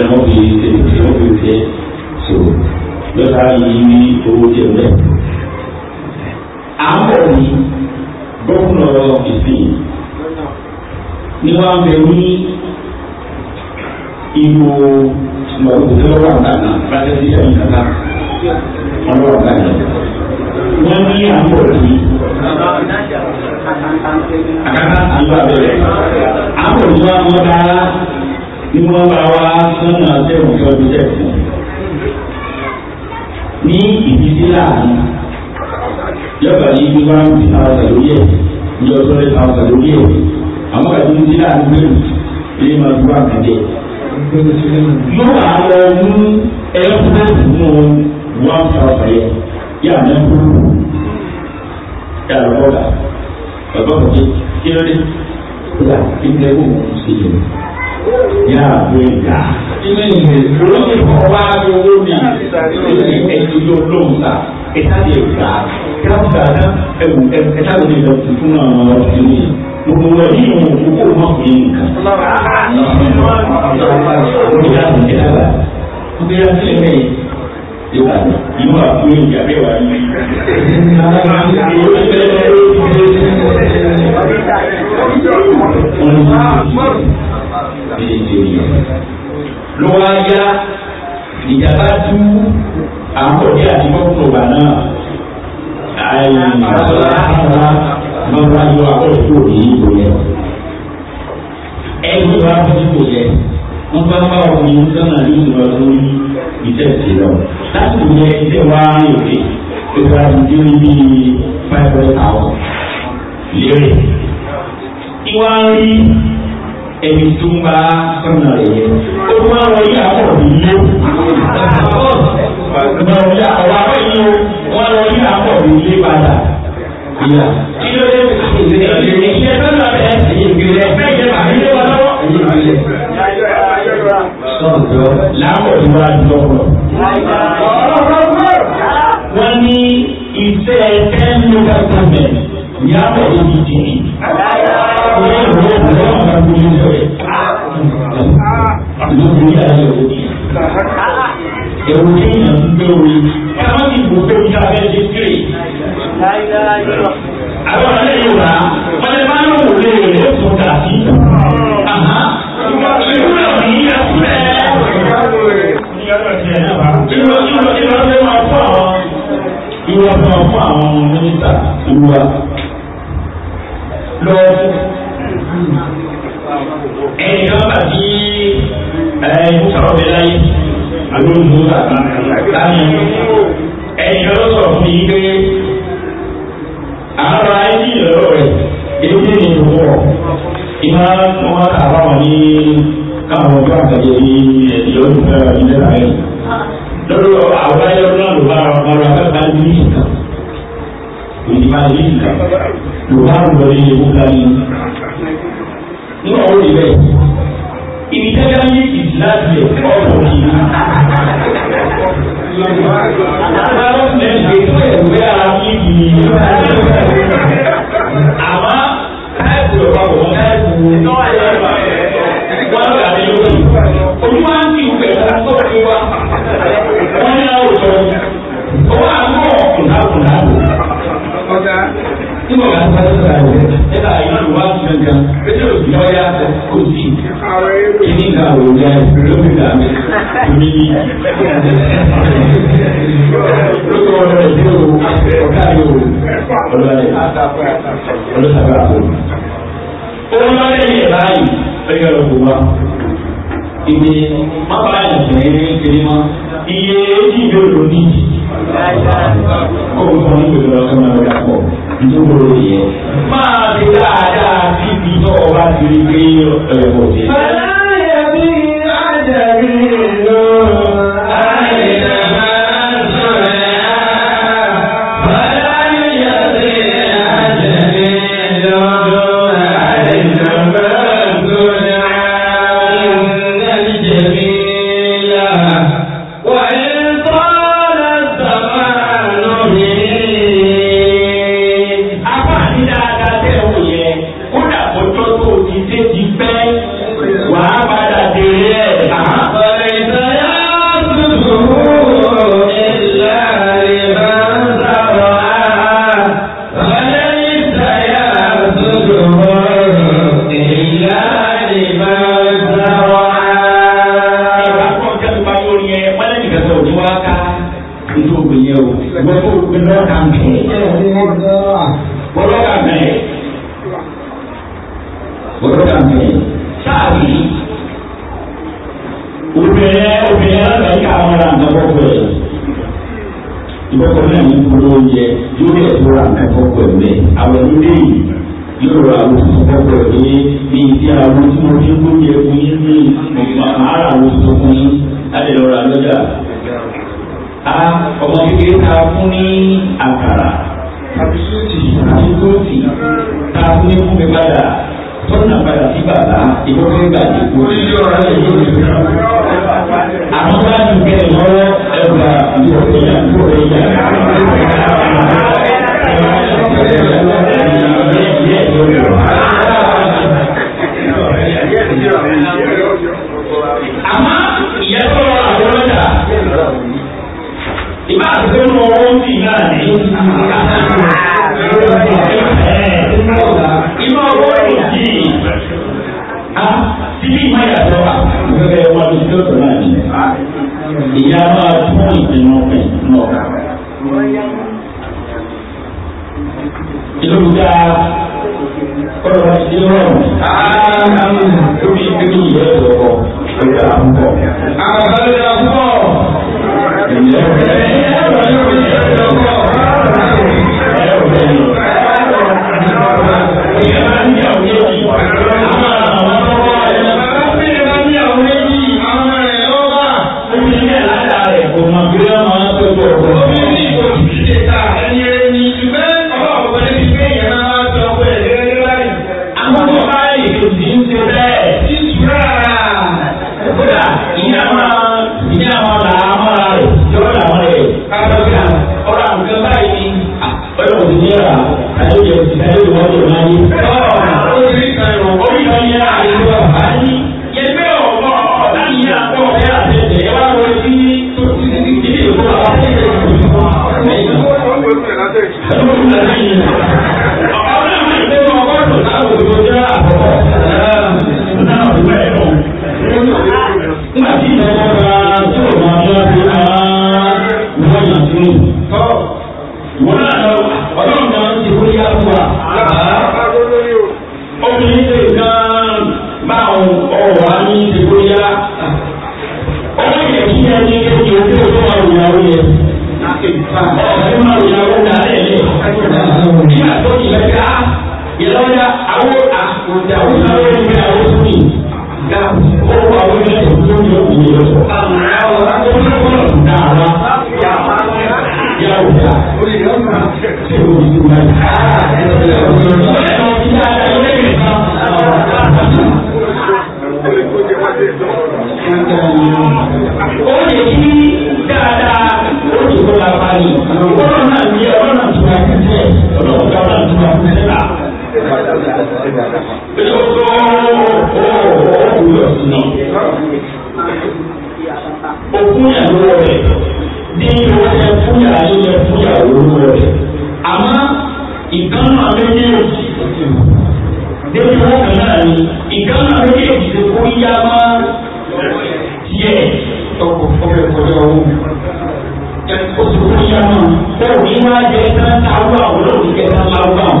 yẹn wọ́n fi ṣe wọ́n fi ṣe so lọ́sà yìí ní owó jẹ rẹ̀. àwọn ọ̀nì gómìnà ìsìn ni wọ́n bẹ ní ìlú mọ̀lúkù tí wọ́n wà lánàá pàṣẹ sí ẹ̀yìn kàkà wọ́n lọ́wọ́ báyìí wọ́n ní àwọn ọ̀nì àkàtà àlọ́ àbẹ̀rẹ̀ àwọn ọ̀nì wọn mọ̀ dára ni wọ́n bá wá sọ́nà sẹ́wọ̀n tí ọdún sẹ́wọ̀n ní ìdílé láàrin yọba ní bí wọ́n ti ta ọ̀sẹ̀ lórí ẹ̀ ní ọjọ́ lè ta ọ̀sẹ̀ lórí ẹ̀ àwọn kàdé ní ìdílé láàrin gbèrú ilé máa dúró àkàdé. yóò wá lọ mú ẹ́fúrẹ́sì mú one thousand yẹn yà á mẹ́kú yà á lọ́ọ̀dà bàbá kò dé kí ló dé kí ló dé kí ló dé kó mọ̀ ọ́ sí ìjọba yàrá tó ń ga. Olú ti fọ́ wá ní owó mi. Ẹ̀sìn yóò lóhùn sá. Ẹ̀sà lè gbà. Gáàsà náà ẹ̀wù ẹ̀sà lè lọ sí fún àwọn ọmọ sí mi. Gbogbo wọn ní ìwọ̀n òkúkú náà fi ń kà. Ìyá mi ti dàgbà. Gbogbo ẹ̀yà sílẹ̀ mẹ́yìn. Ìwà ìlú àti oúnjẹ àbẹ̀wà yìí. Olùkọ́ bí ènìyàn ló wá yá ìjàmbá tú àwọn òde àdìgbòkùn ọgbà náà mọ̀nà yọ àwọn ètò yìí ìbò yẹn ẹni wàá fún ìbò yẹn wọ́n bá bá wọn ní sọ́nà ní ìwà lórí ìtẹ̀sí lọ láti wọ ẹgbẹ́ wa lòdì tó bá ti dé níbi five hundred thousand lérè. ìwà rí ẹni tó ń bá fẹ́ràn rẹ̀ yẹn. ó máa ń wọlé àwọn ọ̀dọ́ yìí ó máa ń wọlé àwọn ọ̀dọ́ yìí ó wọ́n lọ yí àwọn ọ̀dọ́ yìí padà. kí ló dé ìṣe tó ń lọ bẹ́ẹ̀ bẹ́ẹ̀ jẹ́ bàbá ilé wa lọ́wọ́. láàbọ̀ tó bá dùn ọ̀pọ̀. wọ́n ní iṣẹ́ ẹ̀ẹ́dẹ́gbẹ̀rún ìyá rẹ̀ yóò tún ti ní. Ìyá rẹ̀ yóò tún yóò máa gbé ilé rẹ̀. Àlọ́ kò yá ẹ̀ lọ́wọ́ ni. Ẹ̀rù tí èèyàn ń gbé orí. Ẹ má ti bò pé ojú abẹ́ ti kiri. Àwọn ọ̀rẹ́ yóò rà á. Wọ́n lè máa ń wò lé rẹ̀ fún dàbí. Ìgbà tó ń yà sílẹ̀. Ìgbà tó ń yà sílẹ̀. Ìwà fún àwọn mínísítà ìwà lọ ẹni kan bá ti sọ̀rọ̀ bẹ́ẹ̀ láyé alóòmù láti ẹni kan ló sọ̀rọ̀ fún mi pé àwọn ará ẹni ìrọ̀rọ̀ rẹ̀ èyí ní ìdòwò ìmọ̀ wọn àbáwọn ní káwọn ọjọ́ àgbàjẹ ní ẹ̀yọ́ ìfẹ́ ìlẹ́ta rẹ̀ lọ́dọ̀ àwọn ayélujára ló bá ọmọ ara fẹ́ ìdímáyìí lùhárù lórí ìwúkàlì ní ọ̀rọ̀ ìbẹ̀ ibi tẹ́lẹ̀ ayé ìsìláàbì ẹ̀ ọ̀rọ̀ ìlú. Àtàlọ́ ẹgbẹ́ tó ẹ̀wẹ́ ara mi yìí. Àmọ́ táìpù ọ̀pá kò wọ́n táìpù wọ́n gbà mí lórí. Olúwa ń kí ìwé Wọ́n ní àwòrán. gbà nígbà wà á sọ àyè ẹ bá yọ ọ wá sí gangan pété òsì yọ ya kò sí kíní nga ò ní ẹ lóbi là mí omi yí. lóko wọn lọ sí o ọ̀gá yóò ọlọ́lẹ̀ ọlọ́sàgbà àpò. òun lọ lẹ́yìn ẹ̀ báyìí ẹ̀yọ́ ọ̀gbọ̀n wa ìgbé má bàa yàn fún ẹ̀ kéré mọ́ iye èjì yóò lò ní. Kókò tó ń pè lọ sọ́nà ọ̀dà pọ̀ nítorí yẹ. Máa fi dáadáa síbi tó o bá ti rí pé ẹ̀rọ ti. Bàbá yẹ bí àjẹrí. oúnjẹ yóò dẹ̀ tó ra nǹkan pẹ̀lú ẹ̀ àwọn onílé yìí yóò ra àwọn tuntun kan pẹ̀lú ní ní ti àwọn tí mo fi ń gbóúnjẹ fún yín ní ọ̀pá ara àwọn tuntun fún yín láti lọ ra lọ́jà. a ọmọ kékeré ta fún ní àkàrà àbísọ́tì ta fún ní fún mi padà tọ́nà padà sí bàbá ìfọ́fẹ́ gbàdé kó lè yọ ọ́ lẹ́yìn ìlú. àwọn bá ti kẹ́ lọ́wọ́ ẹ̀rọ ìyàwó rẹ̀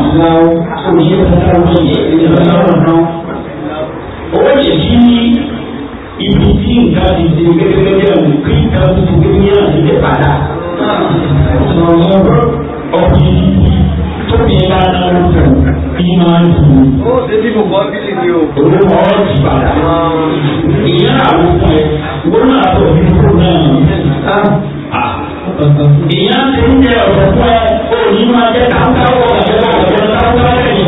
láwó òye òye ìrànlọ́wọ́ owó yẹ kí ibi tí nǹkan ti di gẹ́gẹ́gẹ́ òun kí nǹkan ti di gẹ́gẹ́ náà ti di padà ọ̀pọ̀ tóbi ńlá náà ló kù kí máa ń kú. ó ṣe bí mo bọ́ bílì ni o. òun kọ́ ọ́ ti padà. ìyá àwọn ọmọ ẹ wọ́n náà bọ̀ nínú kó náà èèyàn ti ń jẹ ọ̀rọ̀ fún ẹ òní máa jẹ káńtà wọ̀ ọ̀rọ̀.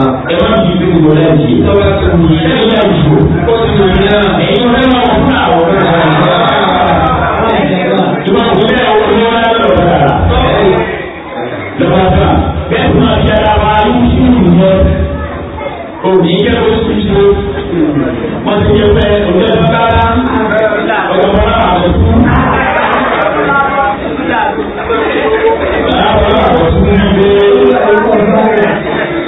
kan ẹ má bí bí mo lẹ́yìn ṣe. tọ́wọ́ ẹ kò ní ẹ̀yìn náà jù ó ti mọ̀ ní náà. ẹ̀yin fẹ́ máa wọ fún àwọn ọ̀rẹ́ rẹ̀. ìwà kò ní àwọn ọ̀rẹ́ wọn lábẹ́ ọ̀rẹ́ rà. lọ́wọ́ kan bẹ́ẹ̀ tó máa fi ara wa yóò sí ìrùjọ. òní jẹ́ kó sì so. wọ́n ti jẹ́ pé òjò bá ọjọ́ bá àwọn ọ̀sùn. Thank you.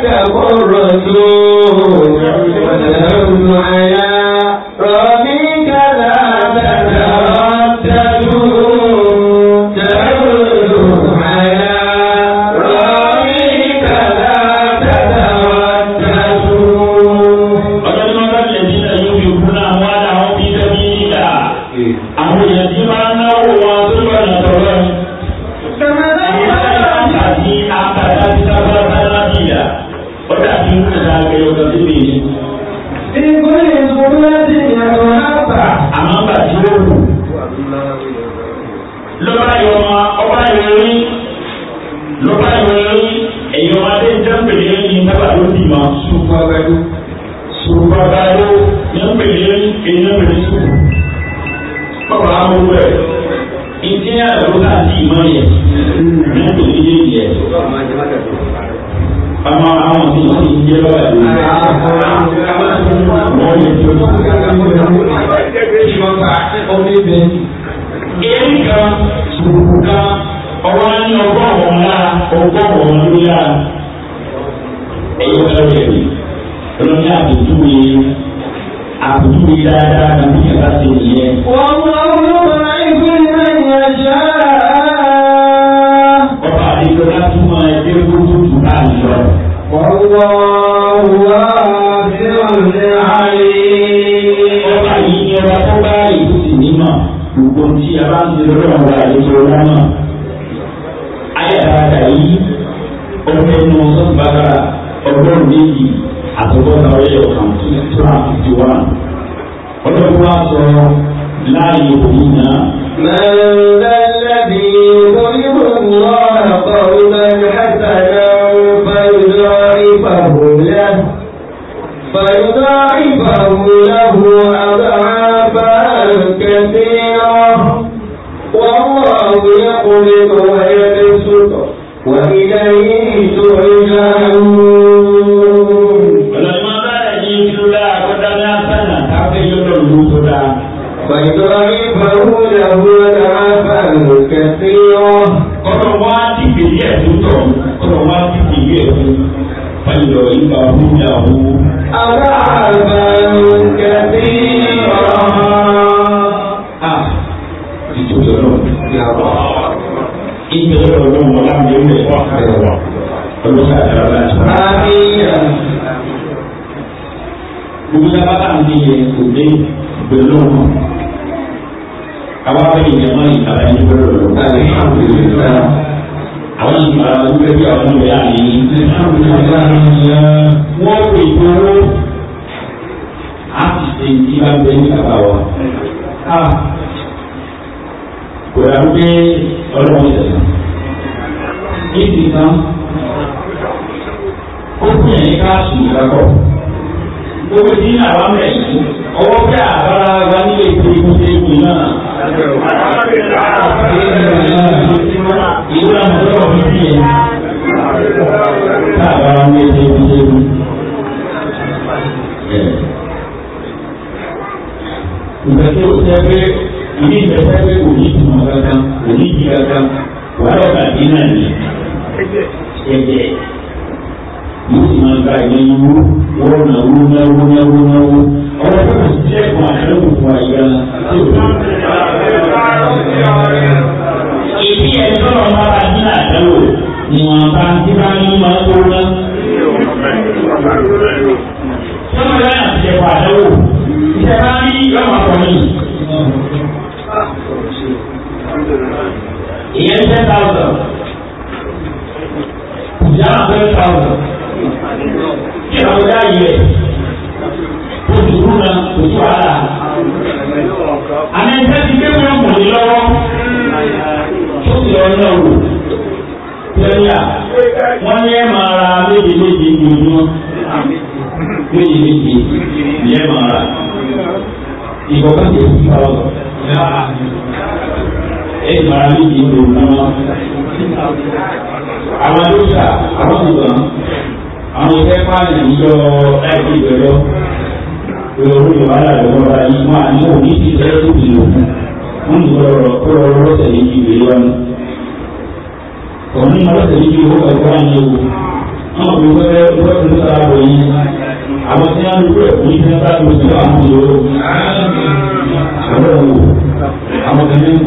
صدق الرسول ونحن على ìmọ̀ yẹ ní kò ní yé yẹ. Àmọ́ àwọn tí wọ́n ti ń jẹ́ bàbá yìí. Wọ́n yẹ kí o. Èyí kan kan ọwọ́ ní ọgọ́rùn-ún ńlá ọgọ́rùn-ún ńlá ẹ̀yọ́ ẹ̀rọ yẹ̀ mí. Olórí àbùkù yìí àbùkù yìí dáadáa kàbí ìyàbá ti yẹ. Wọ́n mú àwọn ọmọ ẹgbẹ́ náà yẹ ṣáá. أشرف والله واسع عليم لا يغنينا من ذا الذي يقرض الله قرضا حسنا فيضاعفه له فيضاعفه له أضعافا كثيرة والله يقبض ويبسط وإليه ترجعون هو العفو الكثير ọ̀rọ̀ wa ti gbèsè ẹ̀sùn tọ̀ ọ̀rọ̀ wa ti gbèsè ẹ̀sùn fàyọ̀ ìgbà ọ̀hún ní àwọn. aláàbà kò dé pẹ̀lú ọmọ káwá pé ìjọba ìjọba ẹni gbọ́dọ̀ lọ. àwọn ìgbà gbogbo ẹbí àwọn ọmọ ìyá mi. wọ́n pè ìgboro a sì ṣe ìdí bá bẹ ní bàbá wa. kò dàrú pé ọlọ́run ṣẹlẹ̀. ní ti tán ó fún yẹn ní káàsì ìgbàgbọ́ owó tí àwa mẹ́rin ọwọ́ pé àbára wa nílé ìgbòho egbò náà. ìwé àmọ́tọ́ mi ti yẹ káàbára mi ti egbò egbò. ìgbésẹ̀ ó jẹ́ pé ìdí ìgbésẹ̀ pé kò ní ìtumọ̀ kankan kò ní ìdí kankan wàá lọ́ọ́ kàdí náà ni. ẹ̀jẹ̀ yóò sì máa gba ìyẹn yín wó wọ́n náà wó náà wó náà wó náà wó ọ̀rọ̀ fún mi sí ẹ̀kọ́ àtẹ́wò fún àyíká tí o tó. èmi ẹ̀ sọ̀rọ̀ máa bá ní àtẹ́wò ìwọ̀nba tí bá ní máa tó ná. sọ́nà yóò yàn sí ẹ̀kọ́ àtẹ́wò ìṣẹ̀bá ní yọ̀mọ̀ àkọ́yìn. ìyẹn ten thousand. ìyá àgbẹ̀ thousand ìyàwó dáàyè ẹ̀ kó dùkú náà kò tó ara. àmì ẹgbẹ́ ti gbé wọn mọ̀ ní lọ́wọ́ tó ti lọ náà wò tẹ́lá wọ́n ní ẹ̀ máa ra méje méje ní ojúmọ́ méje méje ní ẹ̀ máa ra ìkọ̀kan tó ti bá wọn ẹ̀ máa ra méje ní ojúmọ́ àwọn ló sà àwọn ti gbọ̀n àwọn ìfẹ́ pààyàn níjọ láìpẹ́ ìgbẹ́jọ́ ìrọ̀rùn yorùbá làlọ́ wọn bá yí wọn àní ní ti tó bìlò fún wọn ní lọ́rọ̀ kó lọ lọ́sẹ̀ méjì ìwé wa mú. lọ́sẹ̀ méjì owó ẹ̀kọ́ àyè o wọn kò fẹ́ fẹ́ fún sára bọ̀ yín àwọn tí wọn lù rẹ̀ fún ìfẹ́ sára bọ̀ sí àwọn ìlú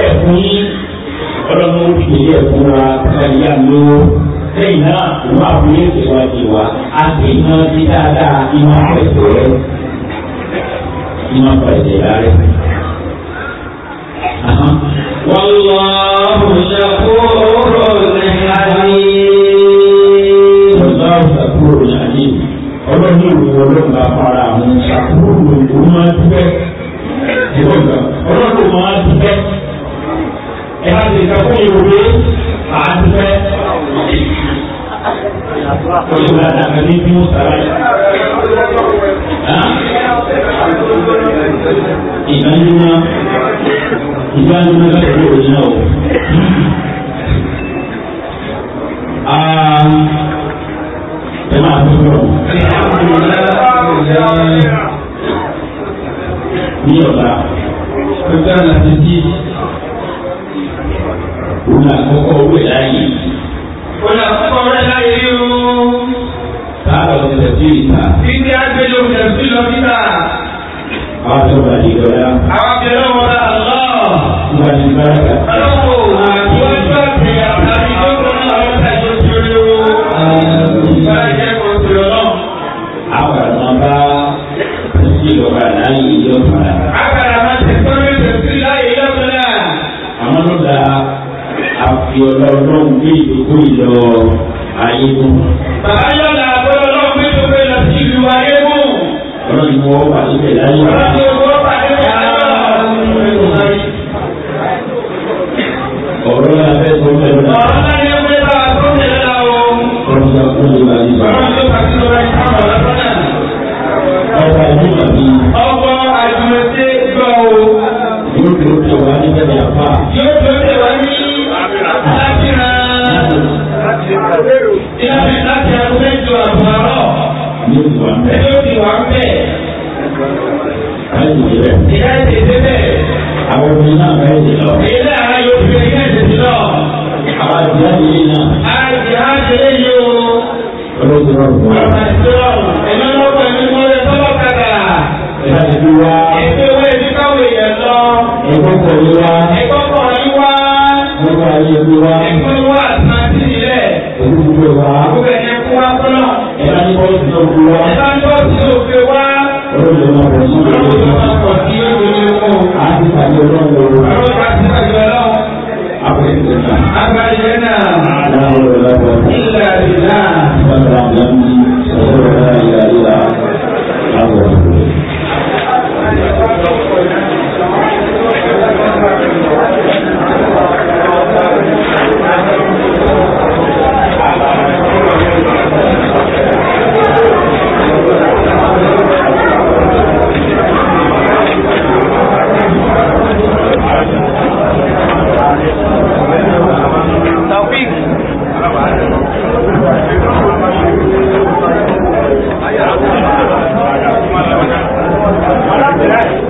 ilé ẹ̀kún yín ọlọ́mọ ó fi ilé ẹ̀kún wa káyà ló lẹ́yìn náà òun àbúrò ètò ìwádìí wa àti iná ti dáadáa iná pẹ̀sẹ̀ rẹ̀ iná pẹ̀sẹ̀ rẹ̀. والله شكور عليم والله شكور عليم ọlọ́run ìwé ọlọ́run bá fara àwọn ṣàkóso ìwé máa ń dúpẹ́ ọlọ́run máa ń ẹ bá ti sọ fún ìwò pé màá ti fẹ́. Oṣù Bàdà kan ní bí mo sàrà yìí. Ìgbàlúmọ̀ ìgbàlúmọ̀ bá ti wò náà o. Ẹ máa tó sọ̀rọ̀. Ní ọ̀la, ó dára ti di òun àkọ́kọ́ owó ẹ̀ láàyè. òun àkọ́kọ́ owó ẹ̀ láàyè yóò. sáà lọ sí tẹ̀sí ìta. títí àgbélé tẹ̀sí lọ síta. àwọn tó bá di ìjọba. àwọn abẹ́rẹ́ wọn bá lọ. wọ́n bá di báyìí. ọlọ́wọ́ àti wọ́n jọ àti àtàlí tó kọ́ ní ọ̀rẹ́ ìtàjọ́ tó lé o. fi ọlọ́run gbé ìdókò ìlọ ayé mú. bàbá yọ̀lá àbọ̀lọ́ náà gbé ìdókò ìlọ sí ìlú ayé mú. ọlọ́run ni wọ́n pàdé bẹ̀ láyé wá. ọlọ́run ni wọ́n pàdé bẹ̀ láyé wá. ọ̀rọ̀ náà fẹ́ sọ pẹ̀lú. ọ̀rọ̀ ni wọ́n bá sọ pẹ̀lú láwọ̀. ọ̀rọ̀ náà kún ní bàbí bá. ọ̀rọ̀ náà kún ní ìlànà láti agbẹ́jọ àbúrò ẹni ó ti wà ń bẹ̀. ìyá ẹ̀sẹ̀ ti bẹ̀. àwọn obìnrin náà bẹ̀rẹ̀ sí lọ. èyí náà ara yóò fi ẹgbẹ́ ẹ̀sẹ̀ sí lọ. àwọn àti láti yé náà. àti láti yé yìí o. olóòtú náà bọ̀. àwọn àti lọ́wọ́ ẹ̀mí lọ́wọ́ ẹ̀mí mọ́lẹ̀ tọ́lọ́ kàdà. ìlànà ìdúrà. ètò ìwé ìdíkàwé yẹn lọ. ẹ̀kọ́ kọ̀ọ̀ yín wá. ẹ̀kọ́ kọ̀ọ̀ yín wá. ẹ̀kọ́ yín wá. ẹ̀kọ́ Èmi gbogbo ẹ̀ wá. Gbogbo ẹ̀ ní ẹkún wá ní bọ́ọ̀lù sí òkú wá. Ẹ̀ka ní bọ́ọ̀lù sí òkú wá. Olóòjọ máa bọ̀ sí òkú. Olóòjọ máa bọ̀ sí òkú. A ti pàdé ọlọ́run. Olóòjọ ti pàdé ọlọ́run. Abẹ́rẹ́ ìjẹ́ta. Abẹ́rẹ́ ìjẹ́ta. Láwọn ọ̀rẹ́ Ilé àdìlá. Bàbá توفيق Thank you.